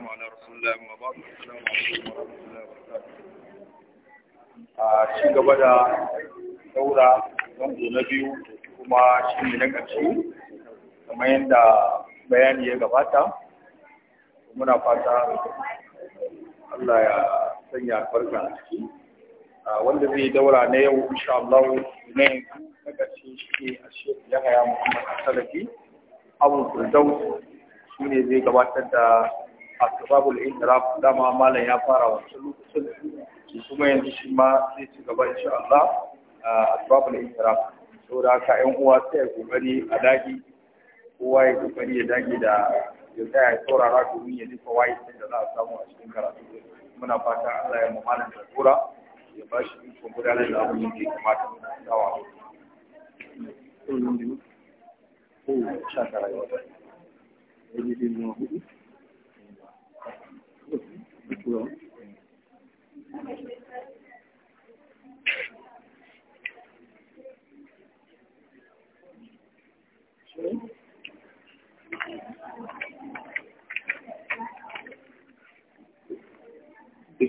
والسلام على رسول الله وبعد السلام عليكم ورحمة الله وبركاته a ci gaba da daura zango na biyu kuma shi ne na ƙarshe kamar yadda bayani ya gabata muna fata Allah ya sanya farka a ciki wanda zai daura na yau insha Allah na yanzu na ƙarshe shi ne a shekaru ya haya Muhammad Salafi Abu Firdaus shi ne zai gabatar da asbabul inraf dama malam ya fara wancan lokacin kuma yanzu shi ma zai ci gaba insha Allah ah, asbabul to da ka yan uwa sai kokari a dagi kowa ya kokari ya dage da ya tsaya saurara domin ya nufa wayi da za a samu a cikin karatu muna fata Allah ya mu malam da tura ya ba shi ikon gudanar da abin da ya kamata dawa Thank you. بسم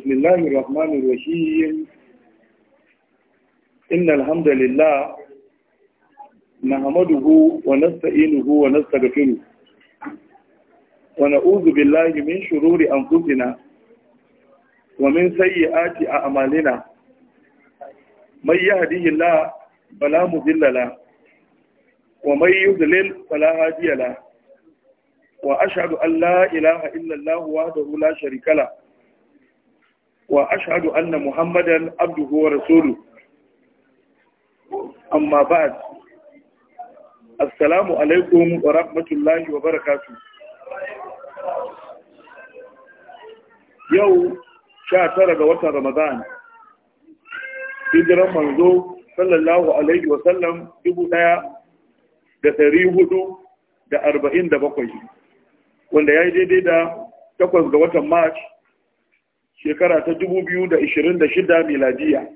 الله الرحمن الرحيم إن الحمد لله نحمده ونستعينه ونستغفره ونعوذ بالله من شرور أنفسنا ومن سيئات أعمالنا من يهده الله فلا مضل له ومن يضلل فلا هادي له وأشهد أن لا إله إلا الله وحده لا شريك له وأشهد أن محمدا عبده ورسوله أما بعد السلام عليكم ورحمة الله وبركاته يوم 19 tara ga watan Ramadan hijiran manzo sallallahu alaihi wa sallam dubu daya da dari hudu da arba'in da bakwai wanda ya yi daidai da takwas ga watan March shekara ta dubu biyu da ishirin da shida miladiya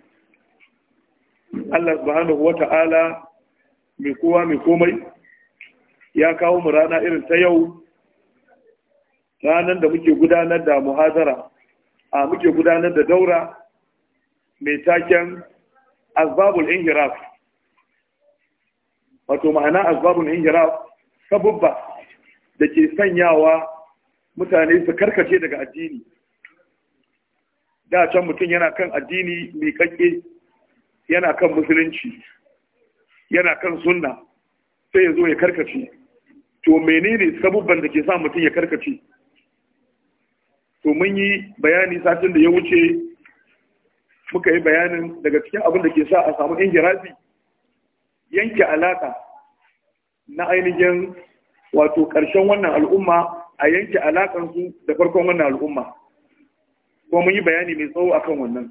Allah subhanahu wa ta'ala mai kowa mai komai ya kawo mu rana irin ta yau ranar da muke gudanar da muhazara a muke gudanar da daura mai taken azbabul inhiraf wato ma'ana azbabul inhiraf sabubba da ke sanyawa mutane su karkace daga addini da can mutum yana kan addini mai kakke yana kan musulunci yana kan sunna sai ya zo ya karkace to menene sabubban da ke sa mutum ya karkace to mun yi bayani satin da ya wuce muka yi bayanin daga cikin abin da ke sa a samu ingirafi yanke alaka na ainihin wato ƙarshen wannan al'umma a yanke alakansu da farkon wannan al'umma ko mun yi bayani mai tsawo akan wannan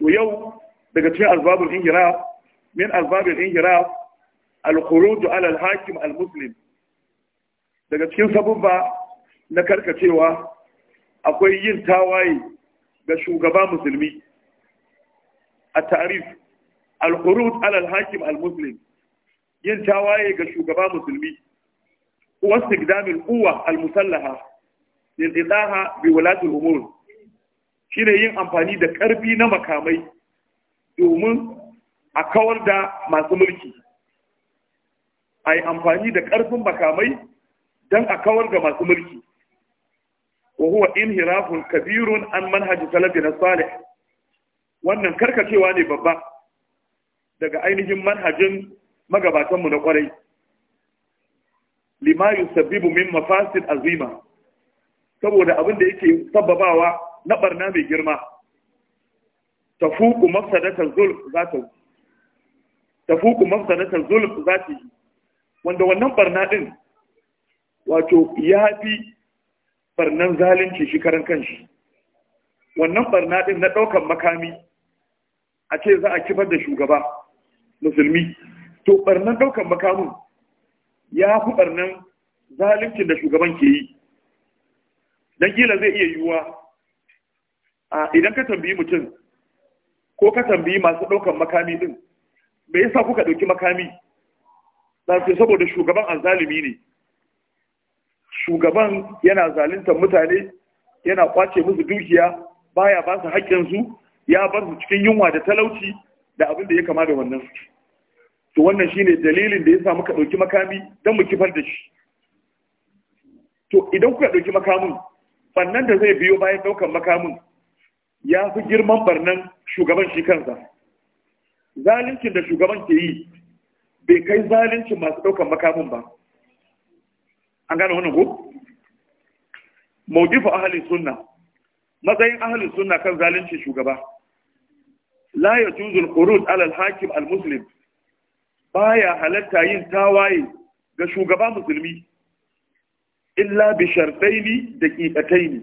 to yau daga cikin albabul inhiraf min albabul inhiraf al-khuruj ala al-hakim al-muslim daga cikin sabubba na karkacewa akwai yin tawaye ga shugaba musulmi a tarif al-hurud alal hakim al-muslim yin tawaye ga shugaba musulmi wastigdamil quwwa al-musallaha lil idaha bi walatul umur shine yin amfani da karfi na makamai domin a kawar da masu mulki ai amfani da karfin makamai don a kawar da masu mulki wa huwa inhirafun kabirun an manhaji na salih wannan karkacewa ne babba daga ainihin manhajin magabatanmu na kwarai lima yusabbibu min mafasid azima saboda abin da yake sababawa na barna mai girma tafuku mafsadatan zulm tafuku mafsadatan zulm za ta yi wanda wannan barna din wato ya fi barnan zalunci shi karan kanshi wannan barna din na ɗaukan makami a ce za a kifar da shugaba musulmi to barnan ɗaukan makamin ya fi barnan zaluncin da shugaban ke yi don gila zai iya yiwuwa a idan ka tambayi mutum ko ka tambayi masu ɗaukan makami din me yasa kuka ɗauki makami za saboda shugaban azalimi ne shugaban yana zaluntar mutane yana kwace musu dukiya baya ba su haƙƙinsu ya bar su cikin yunwa da talauci da abin da ya kama da wannan to wannan shine dalilin da ya sa muka ɗauki makami don mu kifar da shi to idan kuka ɗauki makamin bannan da zai biyo bayan ɗaukar makamin ya fi girman barnan shugaban shi kansa Zalincin da shugaban ke yi bai kai zalincin masu ɗaukar makamin ba an gane wannan ko mawqifu ahalin sunna matsayin ahalin sunna kan zalunci shugaba la yajuzu al alal hakim al-muslim baya halatta yin tawaye ga shugaba musulmi illa bi shartaini ne.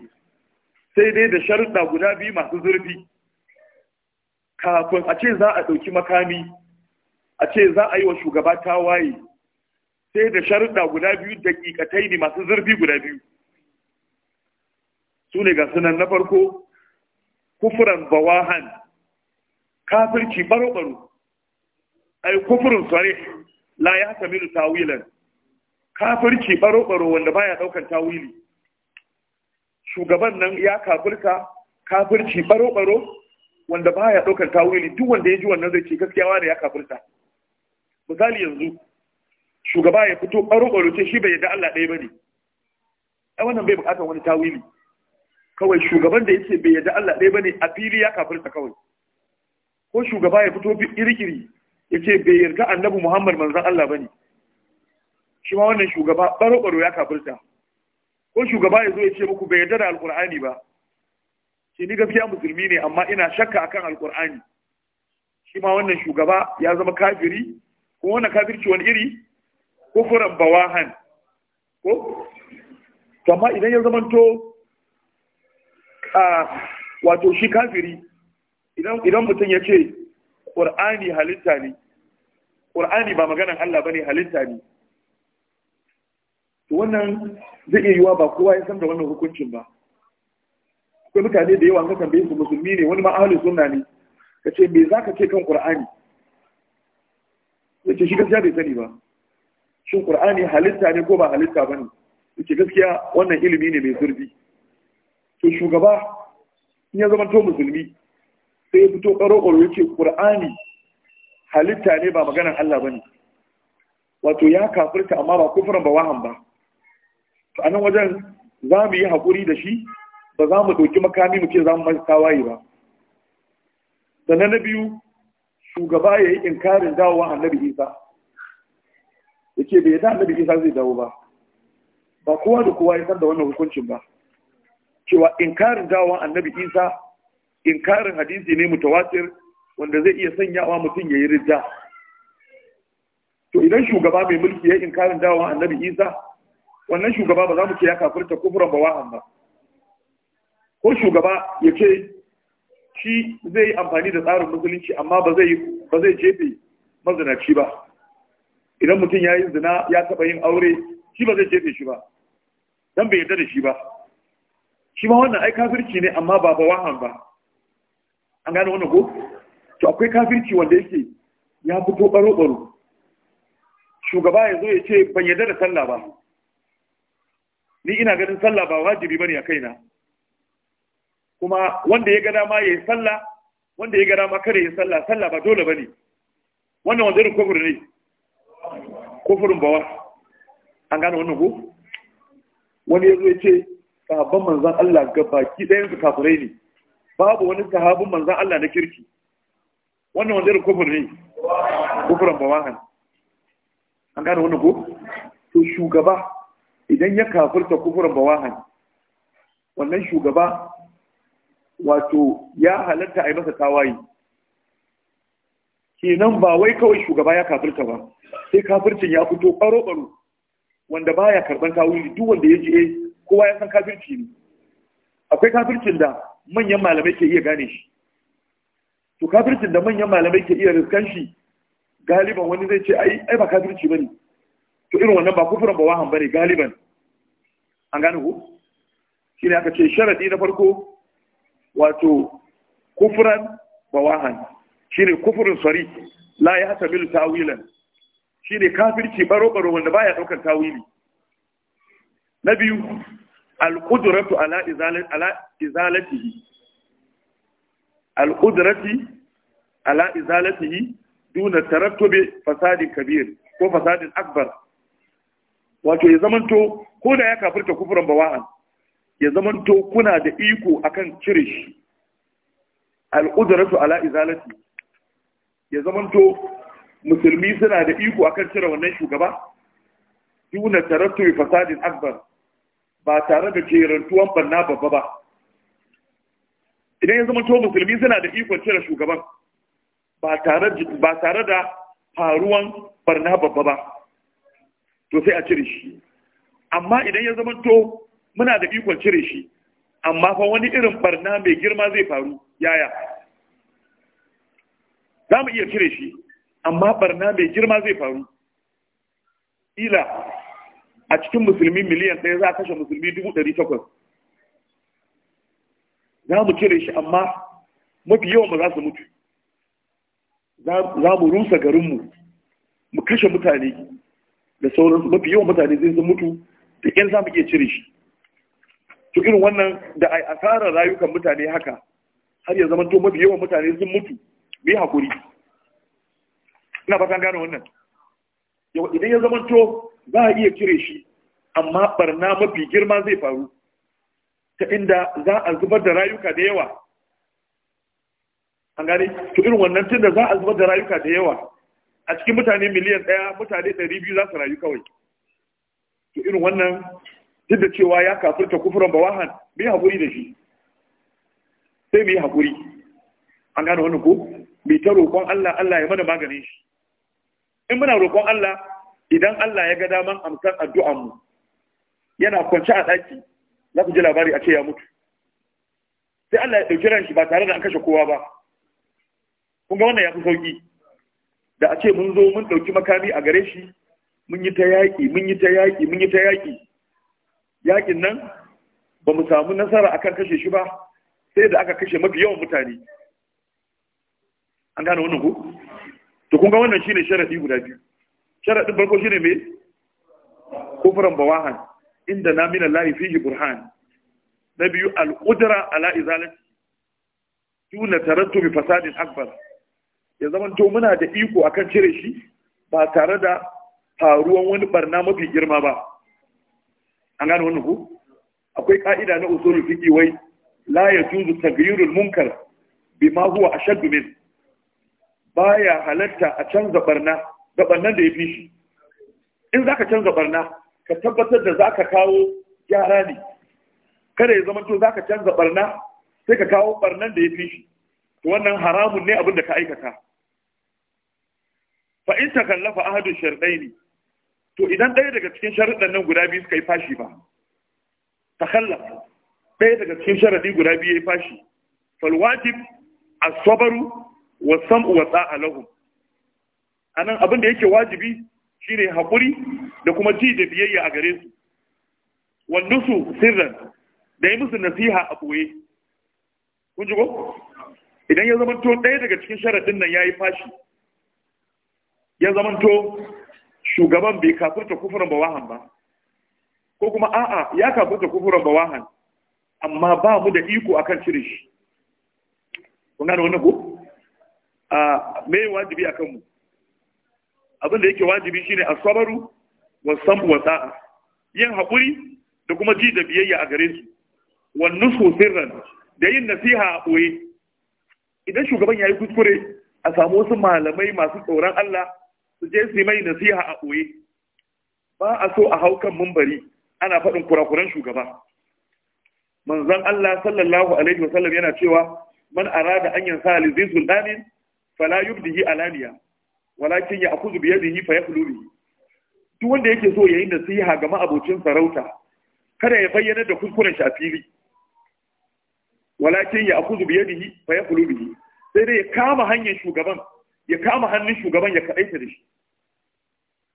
sai dai da sharɗa guda biyu masu zurfi kafin a ce za a ɗauki makami a ce za a yi wa shugaba tawaye sai da sharuɗa guda biyu daƙiƙatai ne masu zurfi guda biyu su ne ga sunan na farko kufuran bawahan kafirci baro-baro ai kufurin sare la ya haka milu tawilan kafirci baro-baro wanda ba ya ɗaukan tawili shugaban nan ya kafirka kafirci baro-baro wanda ba ya ɗaukan tawili duk wanda ya ji wannan zai ce gaskiya da ya kafirta misali yanzu shugaba ya fito ɓaro ce shi bai yadda Allah ɗaya ba ne ai wannan bai buƙatar wani tawili kawai shugaban da yake bai yadda Allah ɗaya ba ne a fili ya kafirta kawai ko shugaba ya fito ƙirƙiri ya ce bai yarda annabi Muhammad manzan Allah ba ne shi ma wannan shugaba ɓaro ya kafirta ko shugaba ya zo ya ce muku bai yarda da alƙur'ani ba shi ni gaskiya musulmi ne amma ina shakka akan alƙur'ani shi ma wannan shugaba ya zama kafiri Ko wannan kafirci wani iri kufuran bawahan ko amma idan ya zamanto a ah, wato shi kafiri idan mutum ya ce ƙur'ani halitta ne ƙur'ani ba maganan Allah ba ne halitta ne to wannan zai iya yiwa ba kowa ya san da wannan hukuncin ba akwai mutane da yawa an ka bai su musulmi ne wani ma ahlus sunna ne ka ce me zaka ce kan qur'ani ce shi gaskiya bai sani ba shin qur'ani halitta ne ko ba halitta bane yake gaskiya wannan ilimi ne mai zurbi to shugaba in ya zama to musulmi sai ya fito karo karo yake qur'ani halitta ne ba maganar Allah bane wato ya kafirta amma ba kufran ba wahan ba to anan wajen za mu yi hakuri da shi ba za mu ɗauki makami mu ce za mu tawaye ba Da na biyu shugaba ya yi inkarin dawowa annabi isa Yake bai yadda annabi Isa zai dawo ba ba kowa da kowa ya san da wannan hukuncin ba cewa inkarin dawon annabi Isa inkarin hadisi ne mutawatir wanda zai iya sanyawa mutum ya yi ridda to idan shugaba mai mulki ya inkarin dawon annabi Isa wannan shugaba ba za mu ce ya kafirta kufuran ba wa'an ba ko shugaba ya ce shi zai yi amfani da tsarin musulunci amma ba zai jefe mazinaci ba idan mutum ya yi zina ya taɓa yin aure shi ba zai jefe shi ba don bai yarda da shi ba shi ma wannan ai kafirci ne amma ba ba wahan ba an gane wannan ko to akwai kafirci wanda yake ya fito baro baro shugaba ya zo ya ce ban yarda da sallah ba ni ina ganin sallah ba wajibi bane a kai na. kuma wanda ya ga dama yayi sallah wanda ya ga dama kare yin sallah sallah ba dole bane wannan wanda rukun ne kofurin bawa an gane wannan ko wani ya ya ce sahabban manzan Allah ga baki ɗayan su kafirai ne babu wani sahabin manzan Allah na kirki wannan wanda irin kufur ne kufurin bawa an gane wannan ko to shugaba idan ya kafirta bawa han wannan shugaba wato ya halatta a yi masa tawayi kenan ba wai kawai shugaba ya kafirta ba sai kafircin ya fito baro baro wanda baya karban tawili duk wanda ya je eh, kowa ya san kafirci ne akwai kafircin da manyan malamai ke iya gane shi to kafircin da manyan malamai ke iya riskan shi galiban wani zai ce ai ai ba kafirci bane to irin wannan ba kufurin ba wahan bane galiban an gane ku shine aka ce sharadi na farko wato kufuran ba wahan shine kufurin sari la ya bil tawilan shine kafirci baro baro wanda baya daukar tawili na biyu al-qudratu ala izalati ala izalatihi al-qudrati ala izalatihi duna tarattubi fasadin kabir ko fasadin akbar wato ya zamanto ko da ya kafirta kufurin bawa'a ya zamanto kuna da iko akan cire shi al-qudratu ala izalatihi ya zamanto musulmi suna da iko akan cire wannan shugaba duna tarattu fasadin akbar ba tare da jerantuwan banna babba ba idan ya zamanto musulmi suna da ikon cire shugaban ba tare da faruwan barna babba ba to sai a cire shi amma idan ya zamanto muna da ikon cire shi amma fa wani irin barna mai girma zai faru yaya za mu iya cire shi amma barna mai girma zai faru ila a cikin musulmi miliyan ɗaya za a kashe musulmi dubu ɗari takwas za mu cire shi amma mafi yawan ba za su mutu za mu rusa garinmu mu kashe mutane da sauran mafi yawan mutane zai sun mutu da ƴan za mu iya cire shi to irin wannan da a asarar rayukan mutane haka har ya zama to mafi yawan mutane sun mutu bi hakuri ina fatan gane wannan yau idan ya zama to za a iya kire shi amma barna mafi girma zai faru ta inda za a zubar da rayuka da yawa an gane to irin wannan tunda za a zubar da rayuka da yawa a cikin mutane miliyan ɗaya mutane ɗari biyu za su rayu kawai to irin wannan duk da cewa ya kafirta kufuran bawahan mu yi haƙuri da shi sai mu yi haƙuri an gane wannan ko mai ta roƙon Allah Allah ya mana maganin shi in muna roƙon Allah idan Allah ya ga daman amsar addu'an mu yana kwance a ɗaki za ku ji labari a ce ya mutu sai Allah ya ɗauki ran shi ba tare da an kashe kowa ba kun ga wannan ya fi sauƙi da a ce mun zo mun ɗauki makami a gare shi mun yi ta yaƙi mun yi ta yaƙi mun yi ta yaƙi yaƙin nan ba mu samu nasara akan kashe shi ba sai da aka kashe mafi yawan mutane an gane wannan ko to kun ga wannan shine sharadi guda biyu sharadin farko shine me kufran bawahan inda na min Allah fihi burhan na biyu al-qudra ala izalati tuna tarattu bi fasadin akbar ya zaman to muna da iko akan cire shi ba tare da faruwan wani barna mafi girma ba an gane wannan ko akwai ka'ida na usulul fiqi wai la yajuzu tagyirul munkar bima huwa ashaddu minhu baya halatta a canza barna da barnan da ya fi shi in za ka canza barna ka tabbatar da za ka kawo gyara ne kada ya zama to za ka canza barna sai ka kawo barnan da ya fi shi to wannan haramun ne abin da ka aikata fa in takallafa ahadu shardaini to idan ɗaya daga cikin sharuɗan nan guda biyu suka yi fashi ba takallafa ɗaya daga cikin sharaɗi guda biyu ya yi fashi falwajib a sabru wa sam'u wa tsa'a lahum anan abin da yake wajibi shine hakuri da kuma ji da biyayya a gare su wan nusu sirran da yi musu nasiha a boye kun ji ko idan ya zamanto ɗaya daga cikin sharadin nan yayi fashi ya zamanto shugaban bai kafirta kufurin bawahan ba ko kuma a'a ya kafirta kufurin bawahan amma ba mu da iko akan cire shi kun gane wannan ko a me wajibi a kanmu abin da yake wajibi shine as-sabru wa samu wa yin haƙuri da kuma ji da biyayya a gare su Wannan nusu sirran da yin nasiha a ɓoye. idan shugaban ya yi kuskure a samu wasu malamai masu tsoron Allah su je su mai nasiha a ɓoye. ba a so a hau kan mambari. ana faɗin kurakuran shugaba manzon Allah sallallahu alaihi wasallam yana cewa man arada an yansa li sultanin fala yubdihi alaniya walakin ya akuzu bi yadihi fa duk wanda yake so yayin nasiha ga ma'abocin sarauta kada ya bayyana da kuskuren shi a fili walakin ya akuzu bi yadihi fa yaqulu bihi sai dai ya kama hanyar shugaban ya kama hannun shugaban ya ta da shi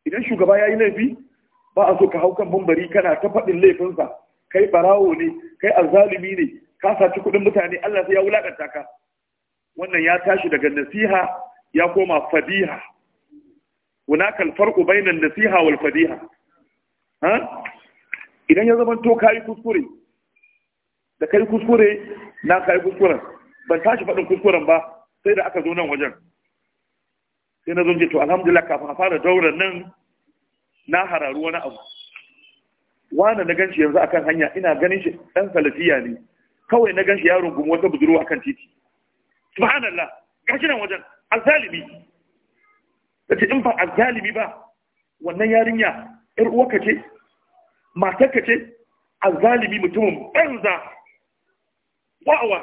idan shugaba yayi laifi ba a so ka hau kan bambari kana ta faɗin laifinsa kai barawo ne kai azalimi ne ka saci kuɗin mutane Allah sai ya wulakanta ka wannan ya tashi daga nasiha ya koma fadiha hunaka alfarqu bainan nasiha wal fadiha ha idan ya zama to kai kuskure da kai kuskure na kai kuskuren ban tashi faɗin kuskuren ba sai da aka zo nan wajen sai na zo to alhamdulillah kafin a fara dauran nan na hararu wani abu wani na ganshi yanzu akan hanya ina ganin shi ɗan salafiya ne kawai na ganshi yaron rungumi wata budurwa akan titi subhanallah gashi nan wajen azzalimi tace in ba azzalimi ba wannan yarinya yar uwarka ce matarka ce azzalimi mutumin banza wa'awa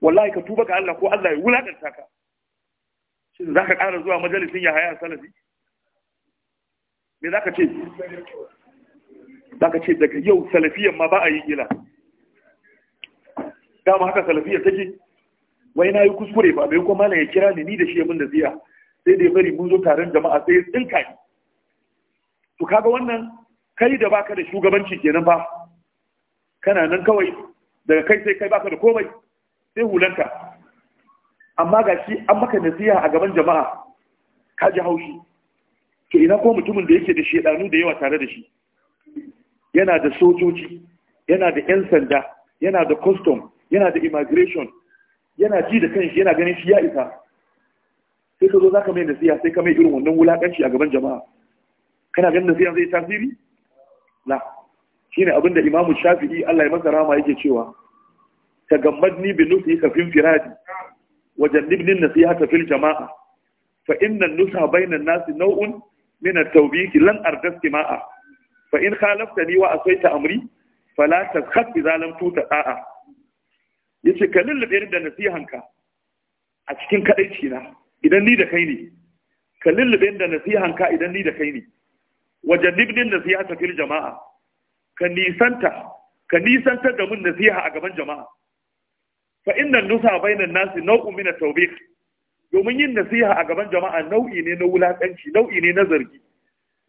wallahi ka tuba ga Allah ko Allah ya wulakanta ka shin zaka ƙara zuwa majalisin Yahaya haya salafi me zaka ce zaka ce daga yau salafiyan ma ba a yi dama haka salafiyar take wai na yi kuskure ba bai kuma ya kira ni ni da shi abin da ziya sai da ya bari mun zo taron jama'a sai ya tsinka ni to kaga wannan kai da baka da shugabanci kenan ba kana nan kawai daga kai sai kai baka da komai sai hulanka amma ga shi an maka nasiha a gaban jama'a ka ji haushi to ina ko mutumin da yake da shedanu da yawa tare da shi yana da sojoji yana da yan sanda yana da custom yana da immigration yana ji da kanshi yana ganin shi ya isa sai ka zo za ka mai nasiya sai ka mai irin wannan wulaƙanci a gaban jama'a kana ganin nasiya zai tasiri la Shi ne abinda imamu shafi'i Allah ya masa rama yake cewa ka gammadni bi nufi ka fin firadi wa jannibni ta fil jama'a fa inna nusa bainan nasi nau'un min at-tawbik lan ardas ma'a. fa in khalaftani wa asaita amri fala ta bi zalam ta da'a Ya ce ka lullube ni da nasihanka a cikin kadaici na idan ni da kai ne ka lullube ni da nasihanka idan ni da kai ne Wajen nasiha ta fil jama'a ka nisanta ka nisantar da mun nasiha a gaban jama'a fa innan nusa bainan nasi nau'u min at-tawbih domin yin nasiha a gaban jama'a nau'i ne na wulakanci nau'i ne na zargi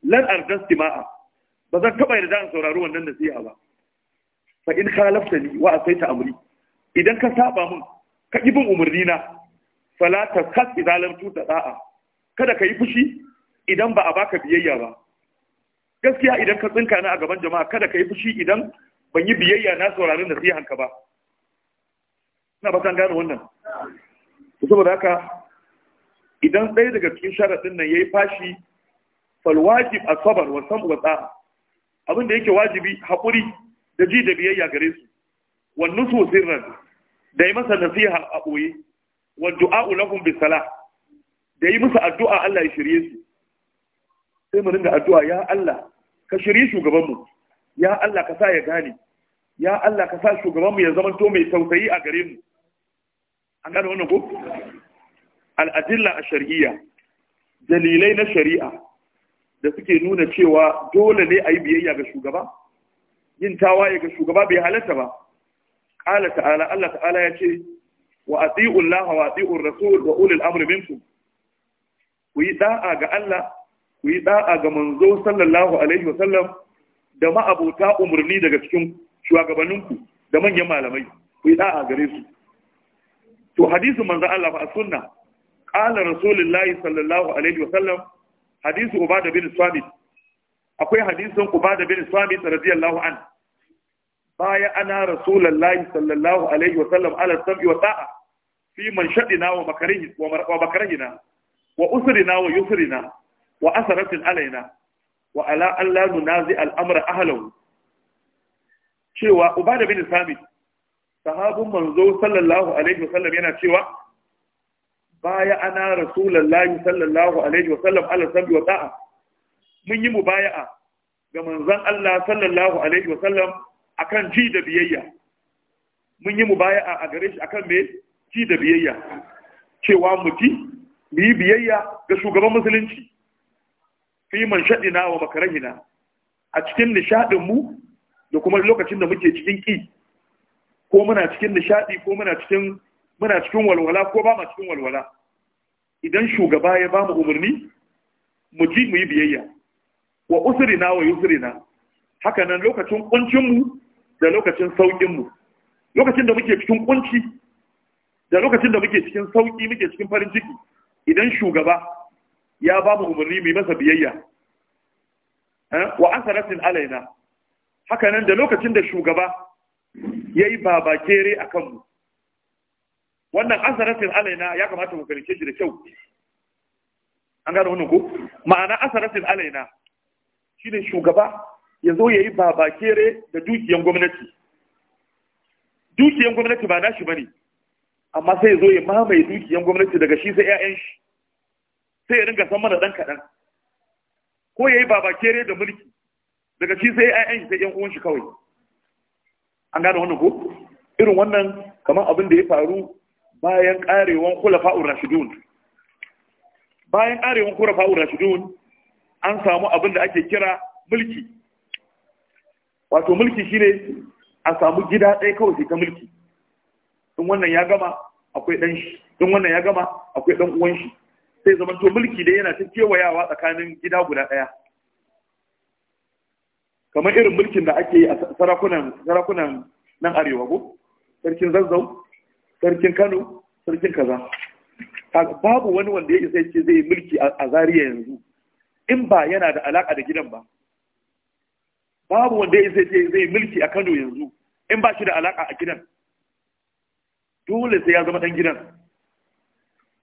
lan ardastima'a tima'a ba zan taba yarda in saurari wannan nasiha ba fa in khalaftani wa asaita amri idan ka saba mun ka bin umarni na fala ta kas idalam tuta da'a kada ka yi fushi idan ba a baka biyayya ba gaskiya idan ka tsinka na a gaban jama'a kada ka yi fushi idan ban yi biyayya na sauraron nasihan ka ba na ba gano wannan saboda haka idan ɗaya daga cikin sharaɗin nan ya yi fashi falwajib a asabar wa sam'u wa abinda yake wajibi haƙuri da ji da biyayya gare su wannan so sirran da yi masa nasiha a ɓoye wa du'a'u lahum bi salah da yi musu addu'a Allah ya shirye su sai mu ringa addu'a ya Allah ka shirye shugaban mu ya Allah ka sa ya gane ya Allah ka sa shugaban mu ya zama to mai tausayi a gare mu an gane wannan ko al-adilla ash-shar'iyya dalilai na shari'a da suke nuna cewa dole ne a yi biyayya ga shugaba yin tawaye ga shugaba bai halatta ba qala ta'ala Allah ta'ala ya ce wa ati'u Allah wa ati'u rasul wa ulil amri minkum ku yi da'a ga Allah ku yi da'a ga manzo sallallahu alaihi wa sallam da ma'abota umarni daga cikin shugabanninku da manyan malamai ku yi da'a gare su to hadisin manzo Allah fa sunna qala rasulullahi sallallahu alaihi wa sallam hadisi ubada bin sabit akwai hadisin ubada bin sabit radiyallahu anhu baya ana rasulullahi sallallahu alaihi wa sallam ala sab'i wa ta'a, fi man shaɗina wa makarihi wa makarihina wa usrina wa yusrina wa asaratin alaina wa ala an la nunazi al'amra ahlahu cewa da bin sami sahabun manzo sallallahu alaihi wa sallam yana cewa baya ana rasulullahi sallallahu alaihi wa sallam ala sab'i wa ta'a, mun yi mubaya'a ga manzon Allah sallallahu alaihi wa sallam akan ji da biyayya mun yi mu baya a gare shi akan me ji da biyayya cewa mu ji mu yi biyayya ga shugaban musulunci fi man shaɗina wa makarahina a cikin nishaɗin mu da kuma lokacin da muke cikin ki ko muna cikin nishaɗi ko muna cikin muna cikin walwala ko ba mu cikin walwala idan shugaba ya ba mu umarni mu ji mu yi biyayya wa usrina wa yusrina haka nan lokacin kuncin mu da lokacin sauƙinmu lokacin da muke cikin kunci da lokacin da muke cikin sauƙi muke cikin farin ciki idan shugaba ya ba mu umarni mu masa biyayya eh, wa asaratin alaina haka nan da lokacin da shugaba ya yi babakere a kanmu wannan asaratin alaina ya kamata mu karance shi da kyau an gano wannan ko ma'ana asaratin alaina shine shugaba ya zo ya yi babakere da dukiyan gwamnati dukiyan gwamnati ba nashi ba ne amma sai ya zo ya mamaye dukiyan gwamnati daga shi sai 'ya'yan shi sai ya ringa san mana ɗan kaɗan ko ya yi babakere da mulki daga shi sai 'ya'yan shi sai ƴan uwan shi kawai an gane wannan ko irin wannan kamar abin da ya faru bayan ƙarewan khulafa'ur rashidun bayan karewan shi rashidun an samu abin da ake kira mulki wato mulki shine a samu gida ɗaya kawai sai ta mulki in wannan ya gama akwai ɗan shi in wannan ya gama akwai ɗan uwan shi sai zaman to mulki dai yana ta kewayawa tsakanin gida guda ɗaya kamar irin mulkin da ake yi a sarakunan sarakunan nan arewa ko sarkin zazzau sarkin kano sarkin kaza babu wani wanda ya isa ce zai mulki a zariya yanzu in ba yana da alaka da gidan ba babu wanda ya ce zai mulki a Kano yanzu in ba shi da alaka a gidan dole sai ya zama dan gidan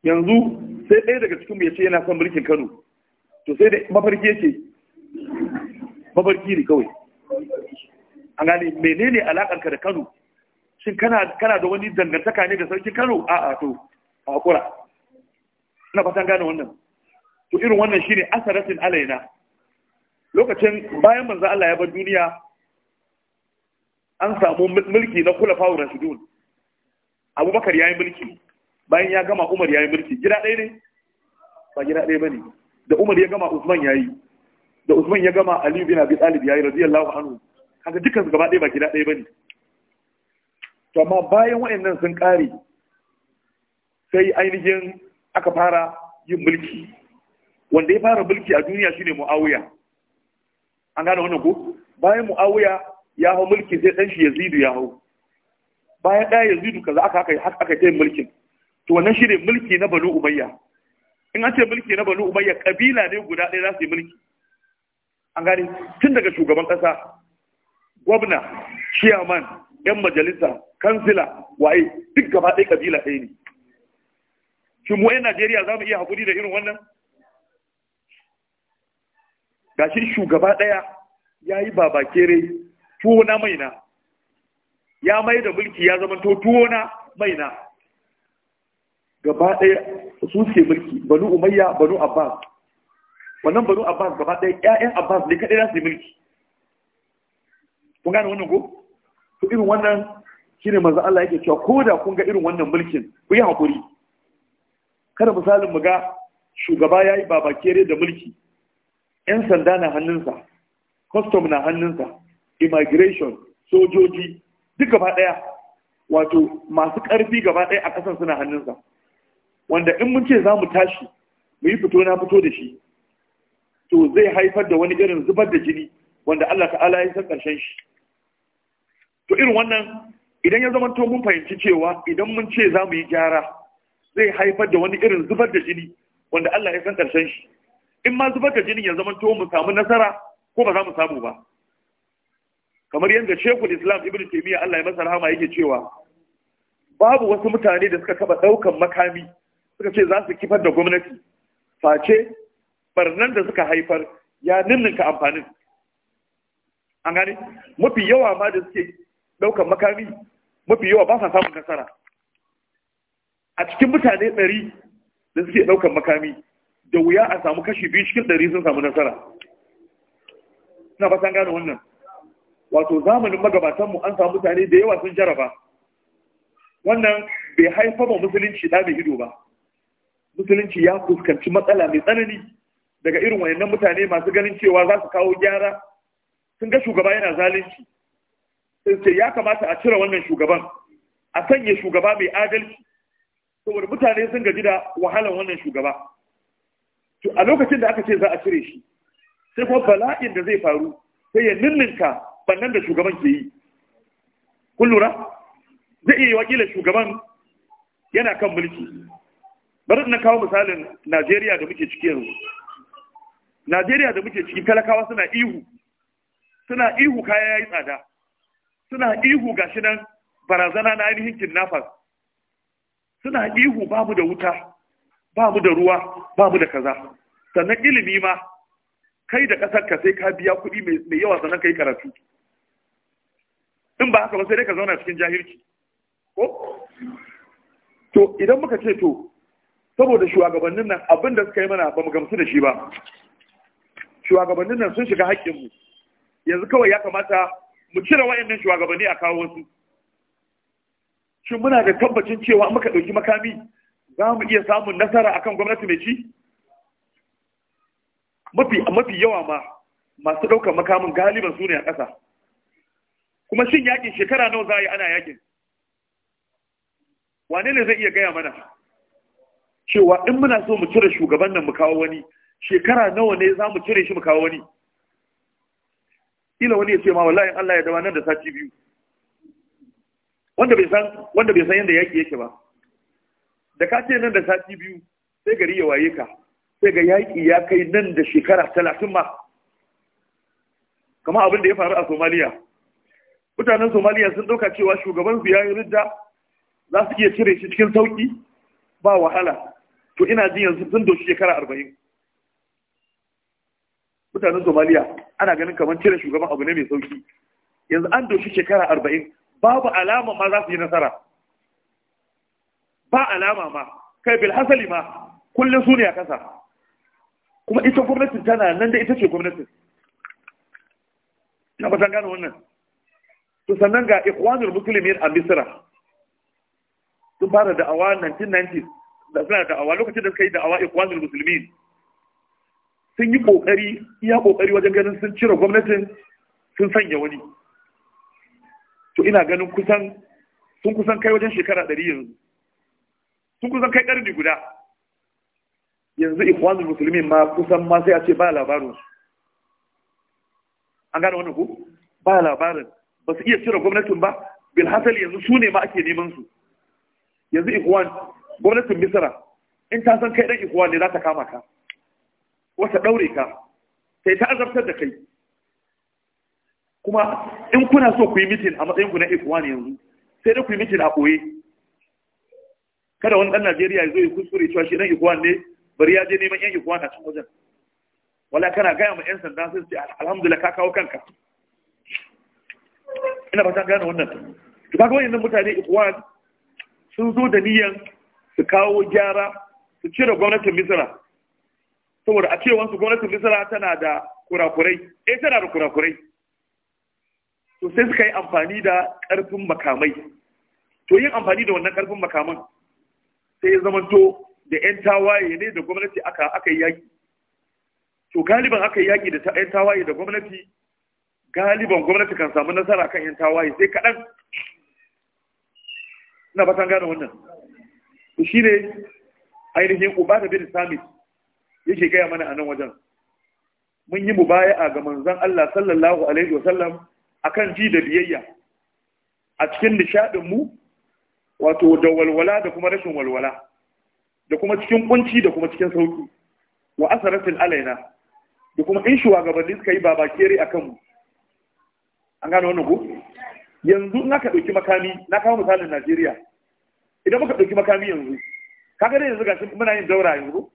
yanzu sai ɗaya daga cikin ya ce yana son mulkin Kano to sai da mafarki yake mafarki ne kawai an gane menene alakar ka da Kano shin kana kana da wani dangantaka ne da sarkin Kano a'a to hakura ina fatan gane wannan to irin wannan shine asaratin alaina lokacin bayan manzo Allah ya bar duniya an samu mulki na kula fawo rashidun abubakar ya yi mulki bayan ya gama umar ya yi mulki gida ɗaya ne ba gida ɗaya ba ne da umar ya gama usman ya yi da usman ya gama aliyu bin abi talib ya yi radiyallahu anhu kaga dukkan su gaba ɗaya ba gida ɗaya ba ne to amma bayan waɗannan sun ƙare sai ainihin aka fara yin mulki wanda ya fara mulki a duniya shine muawiya an gane wannan ko bayan muawiya ya hau mulki zai dan shi yazidu ya hau bayan ɗaya yazidu kaza aka aka aka kai mulkin to wannan shi ne mulki na banu umayya in an ce mulki na banu umayya kabila ne guda ɗaya za su yi mulki an gane tun daga shugaban ƙasa gwamna chairman yan majalisa kansila waye duk gaba ɗaya kabila ɗaya ne shin mu 'yan najeriya za mu iya haƙuri da irin wannan gashi shugaba ɗaya ya yi kere tuwo na maina ya mai da mulki ya zama to tuwo na maina gaba ɗaya su ke mulki banu umayya banu abbas wannan banu abbas gaba ɗaya ƴaƴan abbas ne kaɗai za su yi mulki kun gane wannan ko to irin wannan shine manzo Allah yake cewa ko da kun ga irin wannan mulkin ku yi hakuri kada misalin mu ga shugaba yayi babakere da mulki 'yan sanda na hannunsa custom na hannunsa immigration sojoji duk gaba ɗaya wato masu ƙarfi gaba ɗaya a ƙasar suna hannunsa wanda in mun ce za mu tashi mu yi fito na fito da shi to zai haifar da wani irin zubar da jini wanda Allah ta'ala ya san ƙarshen shi to irin wannan idan ya zama to mun fahimci cewa idan mun ce za mu yi gyara zai haifar da wani irin zubar da jini wanda Allah ya san ƙarshen shi in ma zubar da jinin ya zama to mu samu nasara ko ba za mu samu ba kamar yadda shekul islam ibn taimiyya allah ya masa rahama yake cewa babu wasu mutane da suka taba daukan makami suka ce za su kifar da gwamnati face barnan da suka haifar ya ninninka amfanin an gane mafi yawa ma da suke daukan makami mafi yawa ba sa samun nasara a cikin mutane ɗari da suke daukan makami da wuya a samu kashi biyu cikin ɗari sun samu nasara Suna fatan gane wannan wato zamanin magabatanmu an samu mutane da yawa sun jaraba wannan bai haifa wa musulunci ɗa mai ido ba musulunci ya fuskanci matsala mai tsanani daga irin wayannan mutane masu ganin cewa za su kawo gyara sun ga shugaba yana zalunci sai ce ya kamata a cire wannan shugaban a sanya shugaba mai adalci saboda mutane sun gaji da wahalar wannan shugaba to a lokacin da aka ce za a cire shi sai kuma bala'in da zai faru sai ya ninninka bannan da shugaban ke yi kun lura zai iya wakila shugaban yana kan mulki bari na kawo misalin najeriya da muke ciki yanzu najeriya da muke ciki talakawa suna ihu suna ihu kaya ya yi tsada suna ihu gashi nan barazana na ainihin kidnappers suna ihu babu da wuta ba mu da ruwa ba mu da kaza sannan ilimi ma kai da ƙasar ka sai ka biya kuɗi mai yawa sannan ka yi karatu in ba haka ba sai dai ka zauna cikin jahilci ko to idan muka ce to saboda shugabannin nan abin da suka yi mana ba mu gamsu da shi ba shugabannin nan sun shiga mu. yanzu kawai ya kamata mu cire wayannan shugabanni a kawo wasu. shin muna da tabbacin cewa muka ɗauki makami za mu iya samun nasara akan gwamnati mai ci mafi mafi yawa ma masu ɗaukar makamin galiban su ne a ƙasa kuma shin yakin shekara nawa za a yi ana yakin wane ne zai iya gaya mana cewa in muna so mu cire shugaban nan mu kawo wani shekara nawa ne za mu cire shi mu kawo wani ila wani ya ce ma wallahi Allah ya dawa nan da sati biyu wanda bai san wanda bai san yanda yaki yake ba da ka ce nan da sati biyu sai gari ya waye ka sai ga yaƙi ya kai nan da shekara talatin ma kama abin da ya faru a somaliya mutanen somaliya sun ɗauka cewa su ya yi ridda za su iya cire shi cikin sauƙi ba wahala to ina jin yanzu sun doshi shekara arba'in mutanen somaliya ana ganin kamar cire shugaban abu ne mai sauƙi yanzu an doshi shekara arba'in babu alama ma za su yi nasara ba alama ma kai bil hasali ma kullum su ne a kasa kuma ita gwamnatin tana nan da ita ce gwamnatin na ba gano wannan to sannan ga ikwanul muslimin a Misira. sun fara da'awa 1990 da suna awa lokacin da suka yi da'awa ikwanul muslimin sun yi kokari iya kokari wajen ganin sun cire gwamnatin sun sanya wani to ina ganin kusan sun kusan kai wajen shekara ɗari yanzu sun kusan kai ƙarni guda yanzu ikhwanul musulmi ma kusan ma sai a ce ba labarin su an gane wannan ku ba labarin ba su iya cire gwamnatin ba bilhassal yanzu su ne ma ake neman su yanzu ikwan gwamnatin misira in ta san kai dan ikwan ne za ta kama ka wata ɗaure ka sai ta azabtar da kai kuma in kuna so ku yi mitin a matsayin ku na ikwan yanzu sai da ku yi mitin a ɓoye kada wani ɗan Najeriya ya zo ya kuskure cewa shi dan Ikwan ne bari ya je neman 'yan Ikwan a can wajen wala kana gaya ma 'yan sanda sun ce alhamdulillah ka kawo kanka ina ba ta gane wannan to kaga wannan mutane Ikwan sun zo da niyan su kawo gyara su cire gwamnatin Misira saboda a cewa su gwamnatin Misira tana da kurakurai eh tana da kurakurai to sai suka yi amfani da ƙarfin makamai to yin amfani da wannan ƙarfin makaman sai ya zamanto da 'yan tawaye ne da gwamnati aka aka yi yaƙi to galiban aka yi yaƙi da 'yan tawaye da gwamnati galiban gwamnati kan samu nasara kan 'yan tawaye sai kaɗan na ba san gane wannan to shi ne ainihin ubata bin samit yake gaya mana a nan wajen mun yi mubaya'a ga manzon Allah sallallahu alaihi wasallam akan ji da biyayya a cikin nishadin mu wato da walwala da kuma rashin walwala da kuma cikin kunci da kuma cikin sauki wa asaratil alaina da kuma in shugabanni suka yi babakere akan mu an gane wannan ko yanzu in aka dauki makami na kawo misalin Najeriya idan muka dauki makami yanzu kaga dai yanzu gashi muna yin daura yanzu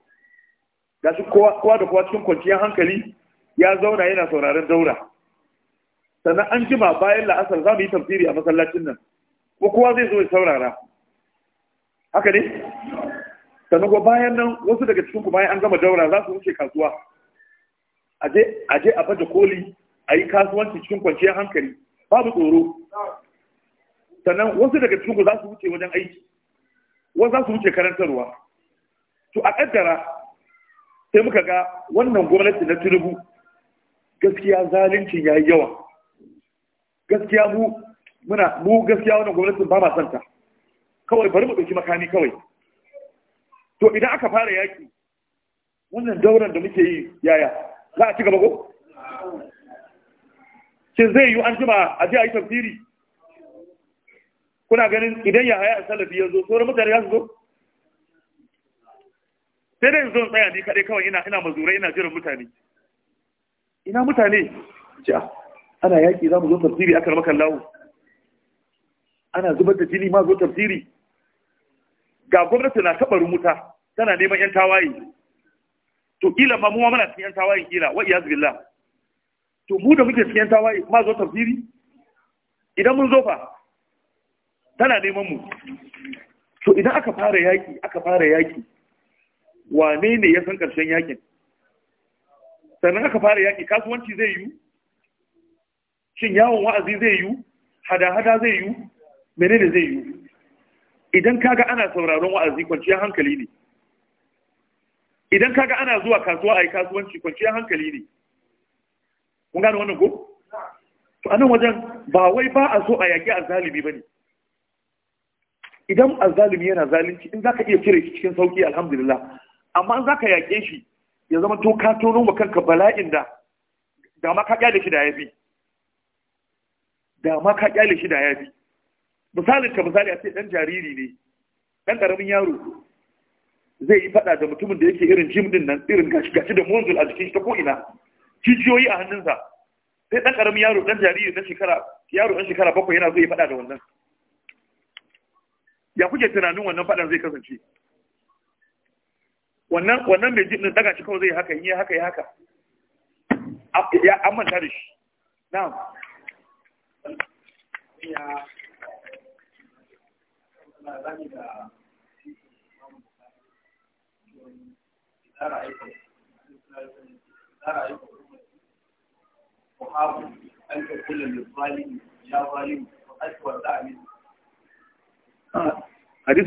gashi kowa kowa da kowa cikin kwanciyar hankali ya zauna yana sauraron daura sannan an jima bayan la'asar za mu yi tafsiri a masallacin nan ko kowa zai zo ya saurara haka ne sannan ko bayan nan wasu daga cikin ku bayan an gama daura za su wuce kasuwa aje aje a baje koli a yi kasuwanci cikin kwanciyar hankali babu tsoro sannan wasu daga cikin ku za su wuce wajen aiki wasu za su wuce karantarwa to a ƙaddara sai muka ga wannan gwamnati na tinubu gaskiya zalincin ya yi yawa gaskiya mu muna mu gaskiya wannan gwamnatin ba ma son ta kawai bari mu ɗauki makami kawai to idan aka fara yaki wannan dauran da muke yi yaya za a ci gaba ko shin zai yi an jima a ji a yi tafsiri kuna ganin idan ya haya a salafi ya zo sauran mutane ya su zo sai dai zo tsaya ni kaɗai kawai ina ina mazurai ina jiran mutane ina mutane ja ana yaƙi za mu zo tafsiri a ramakan lawo ana zubar da jini ma zo tafsiri ga gwamnati na taɓa rumuta, tana neman yan tawaye to kila ma mu ma muna cikin yan tawaye kila wa iyaz billah to mu da muke cikin yan tawaye ma zo tafsiri idan mun zo fa tana neman mu to idan aka fara yaki aka fara yaki wane ne ya san karshen yakin sannan aka fara yaki kasuwanci zai yiwu shin yawon wa'azi zai yiwu hada-hada zai yiwu menene zai yi idan kaga ana sauraron wa'azi kwanciyar hankali ne idan kaga ana zuwa kasuwa a yi kasuwanci kwanciyar hankali ne kun gane wannan ko to anan wajen ba wai ba a so a yaƙi a zalimi ba ne idan a zalimi yana zalunci in za ka iya cire shi cikin sauƙi alhamdulillah amma in za ka yaƙe shi ya zama to ka tono ma kanka bala'in da da ma ka kyale shi da ya da ma ka kyale shi da yafi misalin ka misali a ce dan jariri ne dan karamin yaro zai yi fada da mutumin da yake irin jim din nan irin gashi gashi da monzul a jikin shi ta ko ina jijiyoyi a hannunsa sai dan karamin yaro dan jariri dan shekara yaro dan shekara bakwai yana zai fada da wannan ya kuke tunanin wannan fadan zai kasance wannan wannan mai jin daga shi kawai zai haka in yi haka ya haka ya amanta da shi na'am hadisun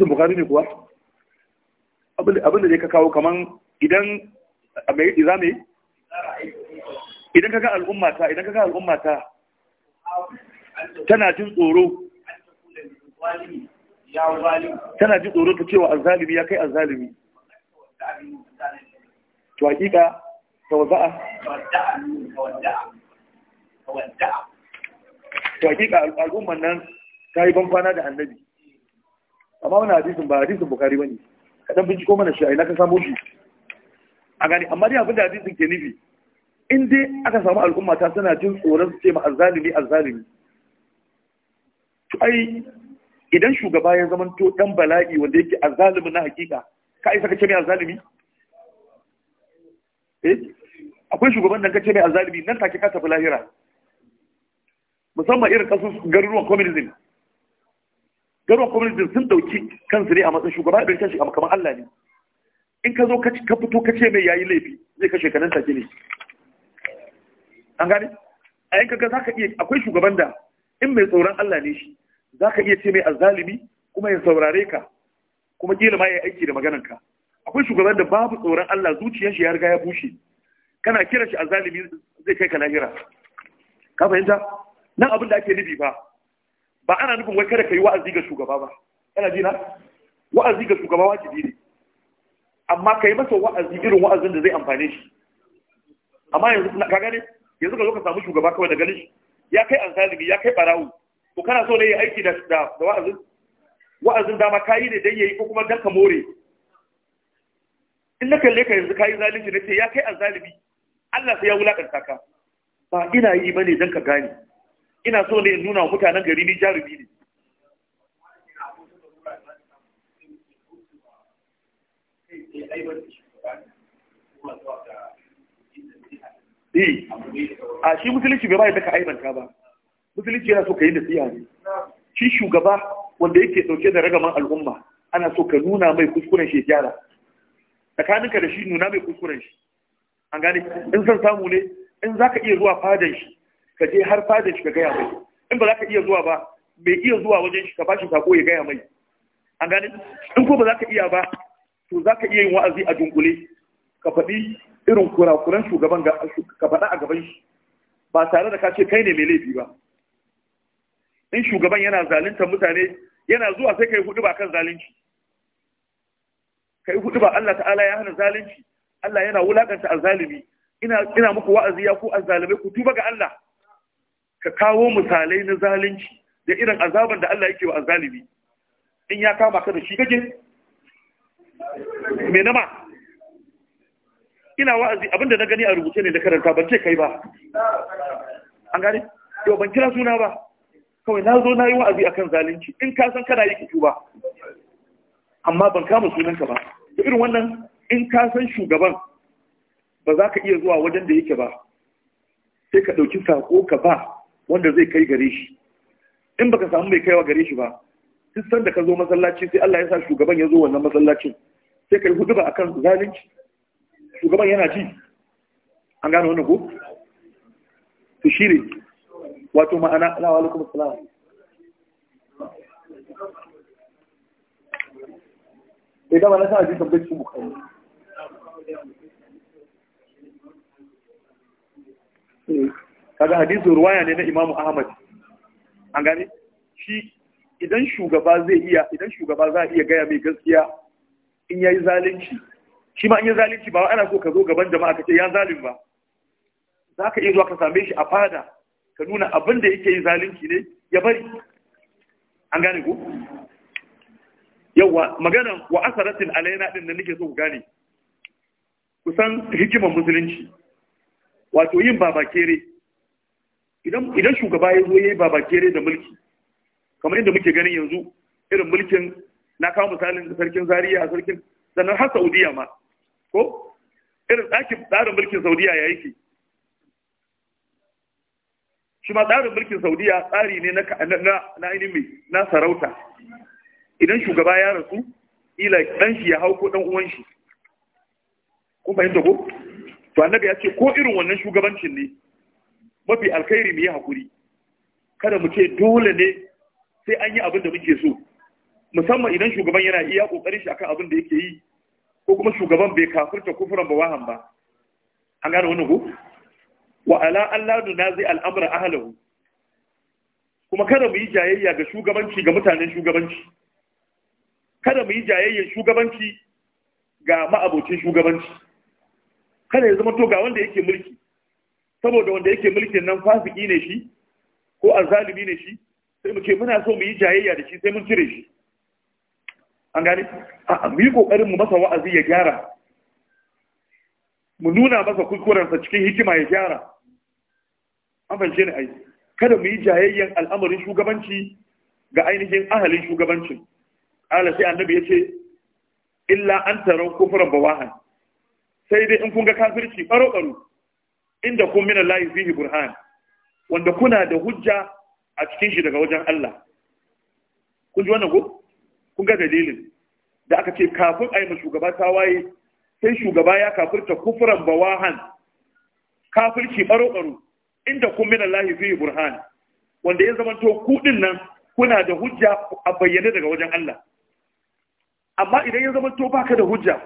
أن bukari ne kuwa abinda da ka kawo kamar idan a mai iza mai idan kaga al'ummata idan kaga al'ummata tana jin tsoro tana ji tsoro ta cewa azzalimi ya kai azzalimi to hakika tawazza'a to hakika al'umman nan ta yi banfana da annabi amma wani hadisin ba hadisin bukari ba ne kaɗan binciko mana shi a ina ka samu shi a gani amma dai abin da hadisin ke nufi in dai aka samu al'umma ta tana jin tsoron su ce ma azzalimi azzalimi to ai idan shugaba ya zama to dan bala'i wanda yake azalimi na hakika ka isa ka ce mai azalimi eh akwai shugaban nan ka ce mai azalimi nan take ka tafi lahira musamman irin kasu garuruwan communism garuruwan communism sun dauki kansu ne a matsayin shugaba da ɗarshen shi kamar Allah ne in ka zo ka fito ka ce mai yayi laifi zai kashe ka nan take ne an gane a yanka ga zaka iya akwai shugaban da in mai tsoron Allah ne shi za ka iya ce mai azalimi kuma ya saurare ka kuma kila ma ya aiki da maganarka akwai shugaban da babu tsoron Allah zuciyar shi ya riga ya bushe kana kira shi azalimi zai kai ka lahira ka fahimta nan abin da ake nufi ba ba ana nufin wai kada ka yi wa'azi ga shugaba ba kana ji na wa'azi ga shugaba wajibi ne amma ka masa wa'azi irin wa'azin da zai amfane shi amma yanzu ka gane yanzu ka zo ka samu shugaba kawai da ganin shi ya kai azalimi ya kai barawo ko kana so ne yi aiki da da wa'azin wa'azin dama kai ne dan yayi ko kuma dan ka more in na kalle ka yanzu kai zalunci nace ya kai azzalimi Allah sai ya wulakanta ka ba ina yi bane dan ka gane ina so ne in nuna wa mutanen gari ni jarumi ne Eh, a shi musulunci bai bai da ka aibanta ba. musulunci yana so ka yi nasiha ne shi shugaba wanda yake dauke da ragaman al'umma ana so ka nuna mai kuskuren shi gyara tsakaninka da shi nuna mai kuskuren shi an gane in san samu ne in za ka iya zuwa fadan shi ka je har fadan shi ka gaya mai in ba za ka iya zuwa ba bai iya zuwa wajen shi ka bashi sako ya gaya mai an gane in ko ba za ka iya ba to za ka iya yin wa'azi a dunkule ka faɗi irin kurakuran shugaban ka faɗa a gaban shi ba tare da ka ce kai ne mai laifi ba in shugaban yana zaluntar mutane yana zuwa sai kai hudu ba kan zalunci kai hudu ba Allah ta'ala ya hana zalunci Allah yana wulakanta azzalimi ina ina muku wa'azi ya ku azzalimai ku tuba ga Allah ka kawo misalai na zalunci da irin azaban da Allah yake wa azzalimi in ya kama ka da shi kake me nama ina wa'azi abinda na gani a rubuce ne da karanta ban ce kai ba an gane yau ban kira suna ba kawai na zo na yi wa'azi akan zalunci in ka san kana yi kitu ba amma ban kama sunanka ba da irin wannan in ka san shugaban ba za ka iya zuwa wajen da yake ba sai ka ɗauki sako ka ba wanda zai kai gare shi in baka samu mai kaiwa gare shi ba duk sanda ka zo masallaci sai Allah ya sa shugaban ya zo wannan masallacin sai ka yi hudu ba akan zalunci shugaban yana ji an gane wannan ko to shine wato ma'ana na wa alaikum assalam eh da wannan sai da bincin bukhari kaga hadisin ruwaya ne na imamu ahmad an gane shi idan shugaba zai iya idan shugaba za a iya gaya mai gaskiya in yayi zalunci shi ma in yi zalunci ba ana so ka zo gaban jama'a ka ce ya zalim ba za ka iya zuwa ka same shi a fada ka nuna abin da yake yi zalunci ne ya bari an gane ku yawa maganan wa asaratin alaina din da nake so ku gane kusan hikimar musulunci wato yin babakere idan idan shugaba ya zo yayi babakere da mulki kamar inda muke ganin yanzu irin mulkin na kawo misalin da sarkin Zariya, sarkin sannan har saudiya ma ko irin tsarin mulkin saudiya ya yake shi ma tsarin mulkin saudiya tsari ne na na sarauta idan shugaba ya rasu ila dan shi ya hau ko dan uwan shi kun fahimta ko to annabi ya ce ko irin wannan shugabancin ne mafi alkhairi mu yi hakuri kada mu ce dole ne sai an yi abin da muke so musamman idan shugaban yana iya kokarin shi akan abin da yake yi ko kuma shugaban bai kafirta kufuran ba wahan ba an gane wannan ko wa ala Allah zai al'amura ahalahu kuma kada mu yi jayayya ga shugabanci ga mutanen shugabanci kada mu yi jayayyar shugabanci ga ma'abocin shugabanci kada ya zama to ga wanda yake mulki saboda wanda yake mulkin nan fasiki ne shi ko azalimi ne shi sai mu muna so mu yi jayayya da shi sai mun cire shi an gani a mu yi kokarin mu masa wa'azi ya gyara mu nuna masa kuskurensa cikin hikima ya gyara amince ni ai kada mu yi jayayyen al'amarin shugabanci ga ainihin ahalin shugabancin ala sai annabi ya ce illa an taron kufuran bawahan sai dai in kun ga kafirci baro baro inda kun mina layi fihi burhan wanda kuna da hujja a cikin shi daga wajen Allah kun ji wannan ko kun ga dalilin da aka ce kafin a yi ma shugaba ta waye sai shugaba ya kafirta kufuran bawahan kafirci baro baro inda kun mina lahi fi burhan wanda ya zamanto ku din nan kuna da hujja a bayyane daga wajen Allah amma idan ya zamanto baka da hujja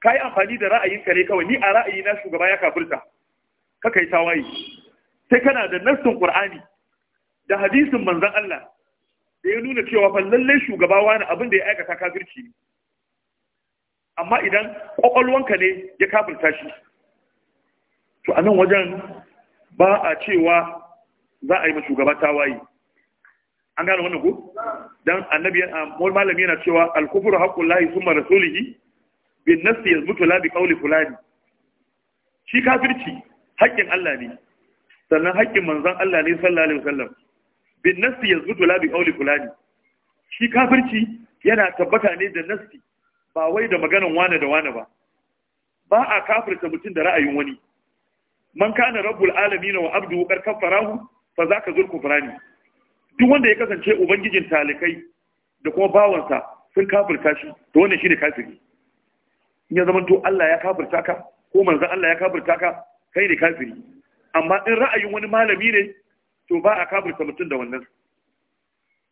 kai amfani da ra'ayinka ne kawai ni a ra'ayi na shugaba ya kafirta ka kai tawayi sai kana da nassin Qur'ani da hadisin manzon Allah da ya nuna cewa fa lalle shugaba wani abin da ya aikata kafirci amma idan kwakwalwanka ne ya kafirta shi to anan wajen ba a cewa za a yi shugaba tawaye an gane wannan ko dan annabi um, wani malami yana cewa al-kufru haqqullahi thumma rasulihi bin nafsi yazbutu la bi qawli fulani shi kafirci haƙƙin Allah ne sannan haƙƙin manzon Allah ne sallallahu alaihi wasallam bin nafsi yazbutu la bi qawli fulani shi kafirci yana tabbata ne da nafsi ba wai da maganan wane da wane ba ba a kafirta mutum da ra'ayin wani man kana rabbul alamin wa abduhu qad kafarahu fa zaka zul kufrani duk wanda ya kasance ubangijin talikai da kuma bawansa sun kafirta shi to wannan shine kafiri in ya zama to Allah ya kafirta ka ko manzon Allah ya kafirta ka kai ne kafiri amma in ra'ayin wani malami ne to ba a kafirta mutum da wannan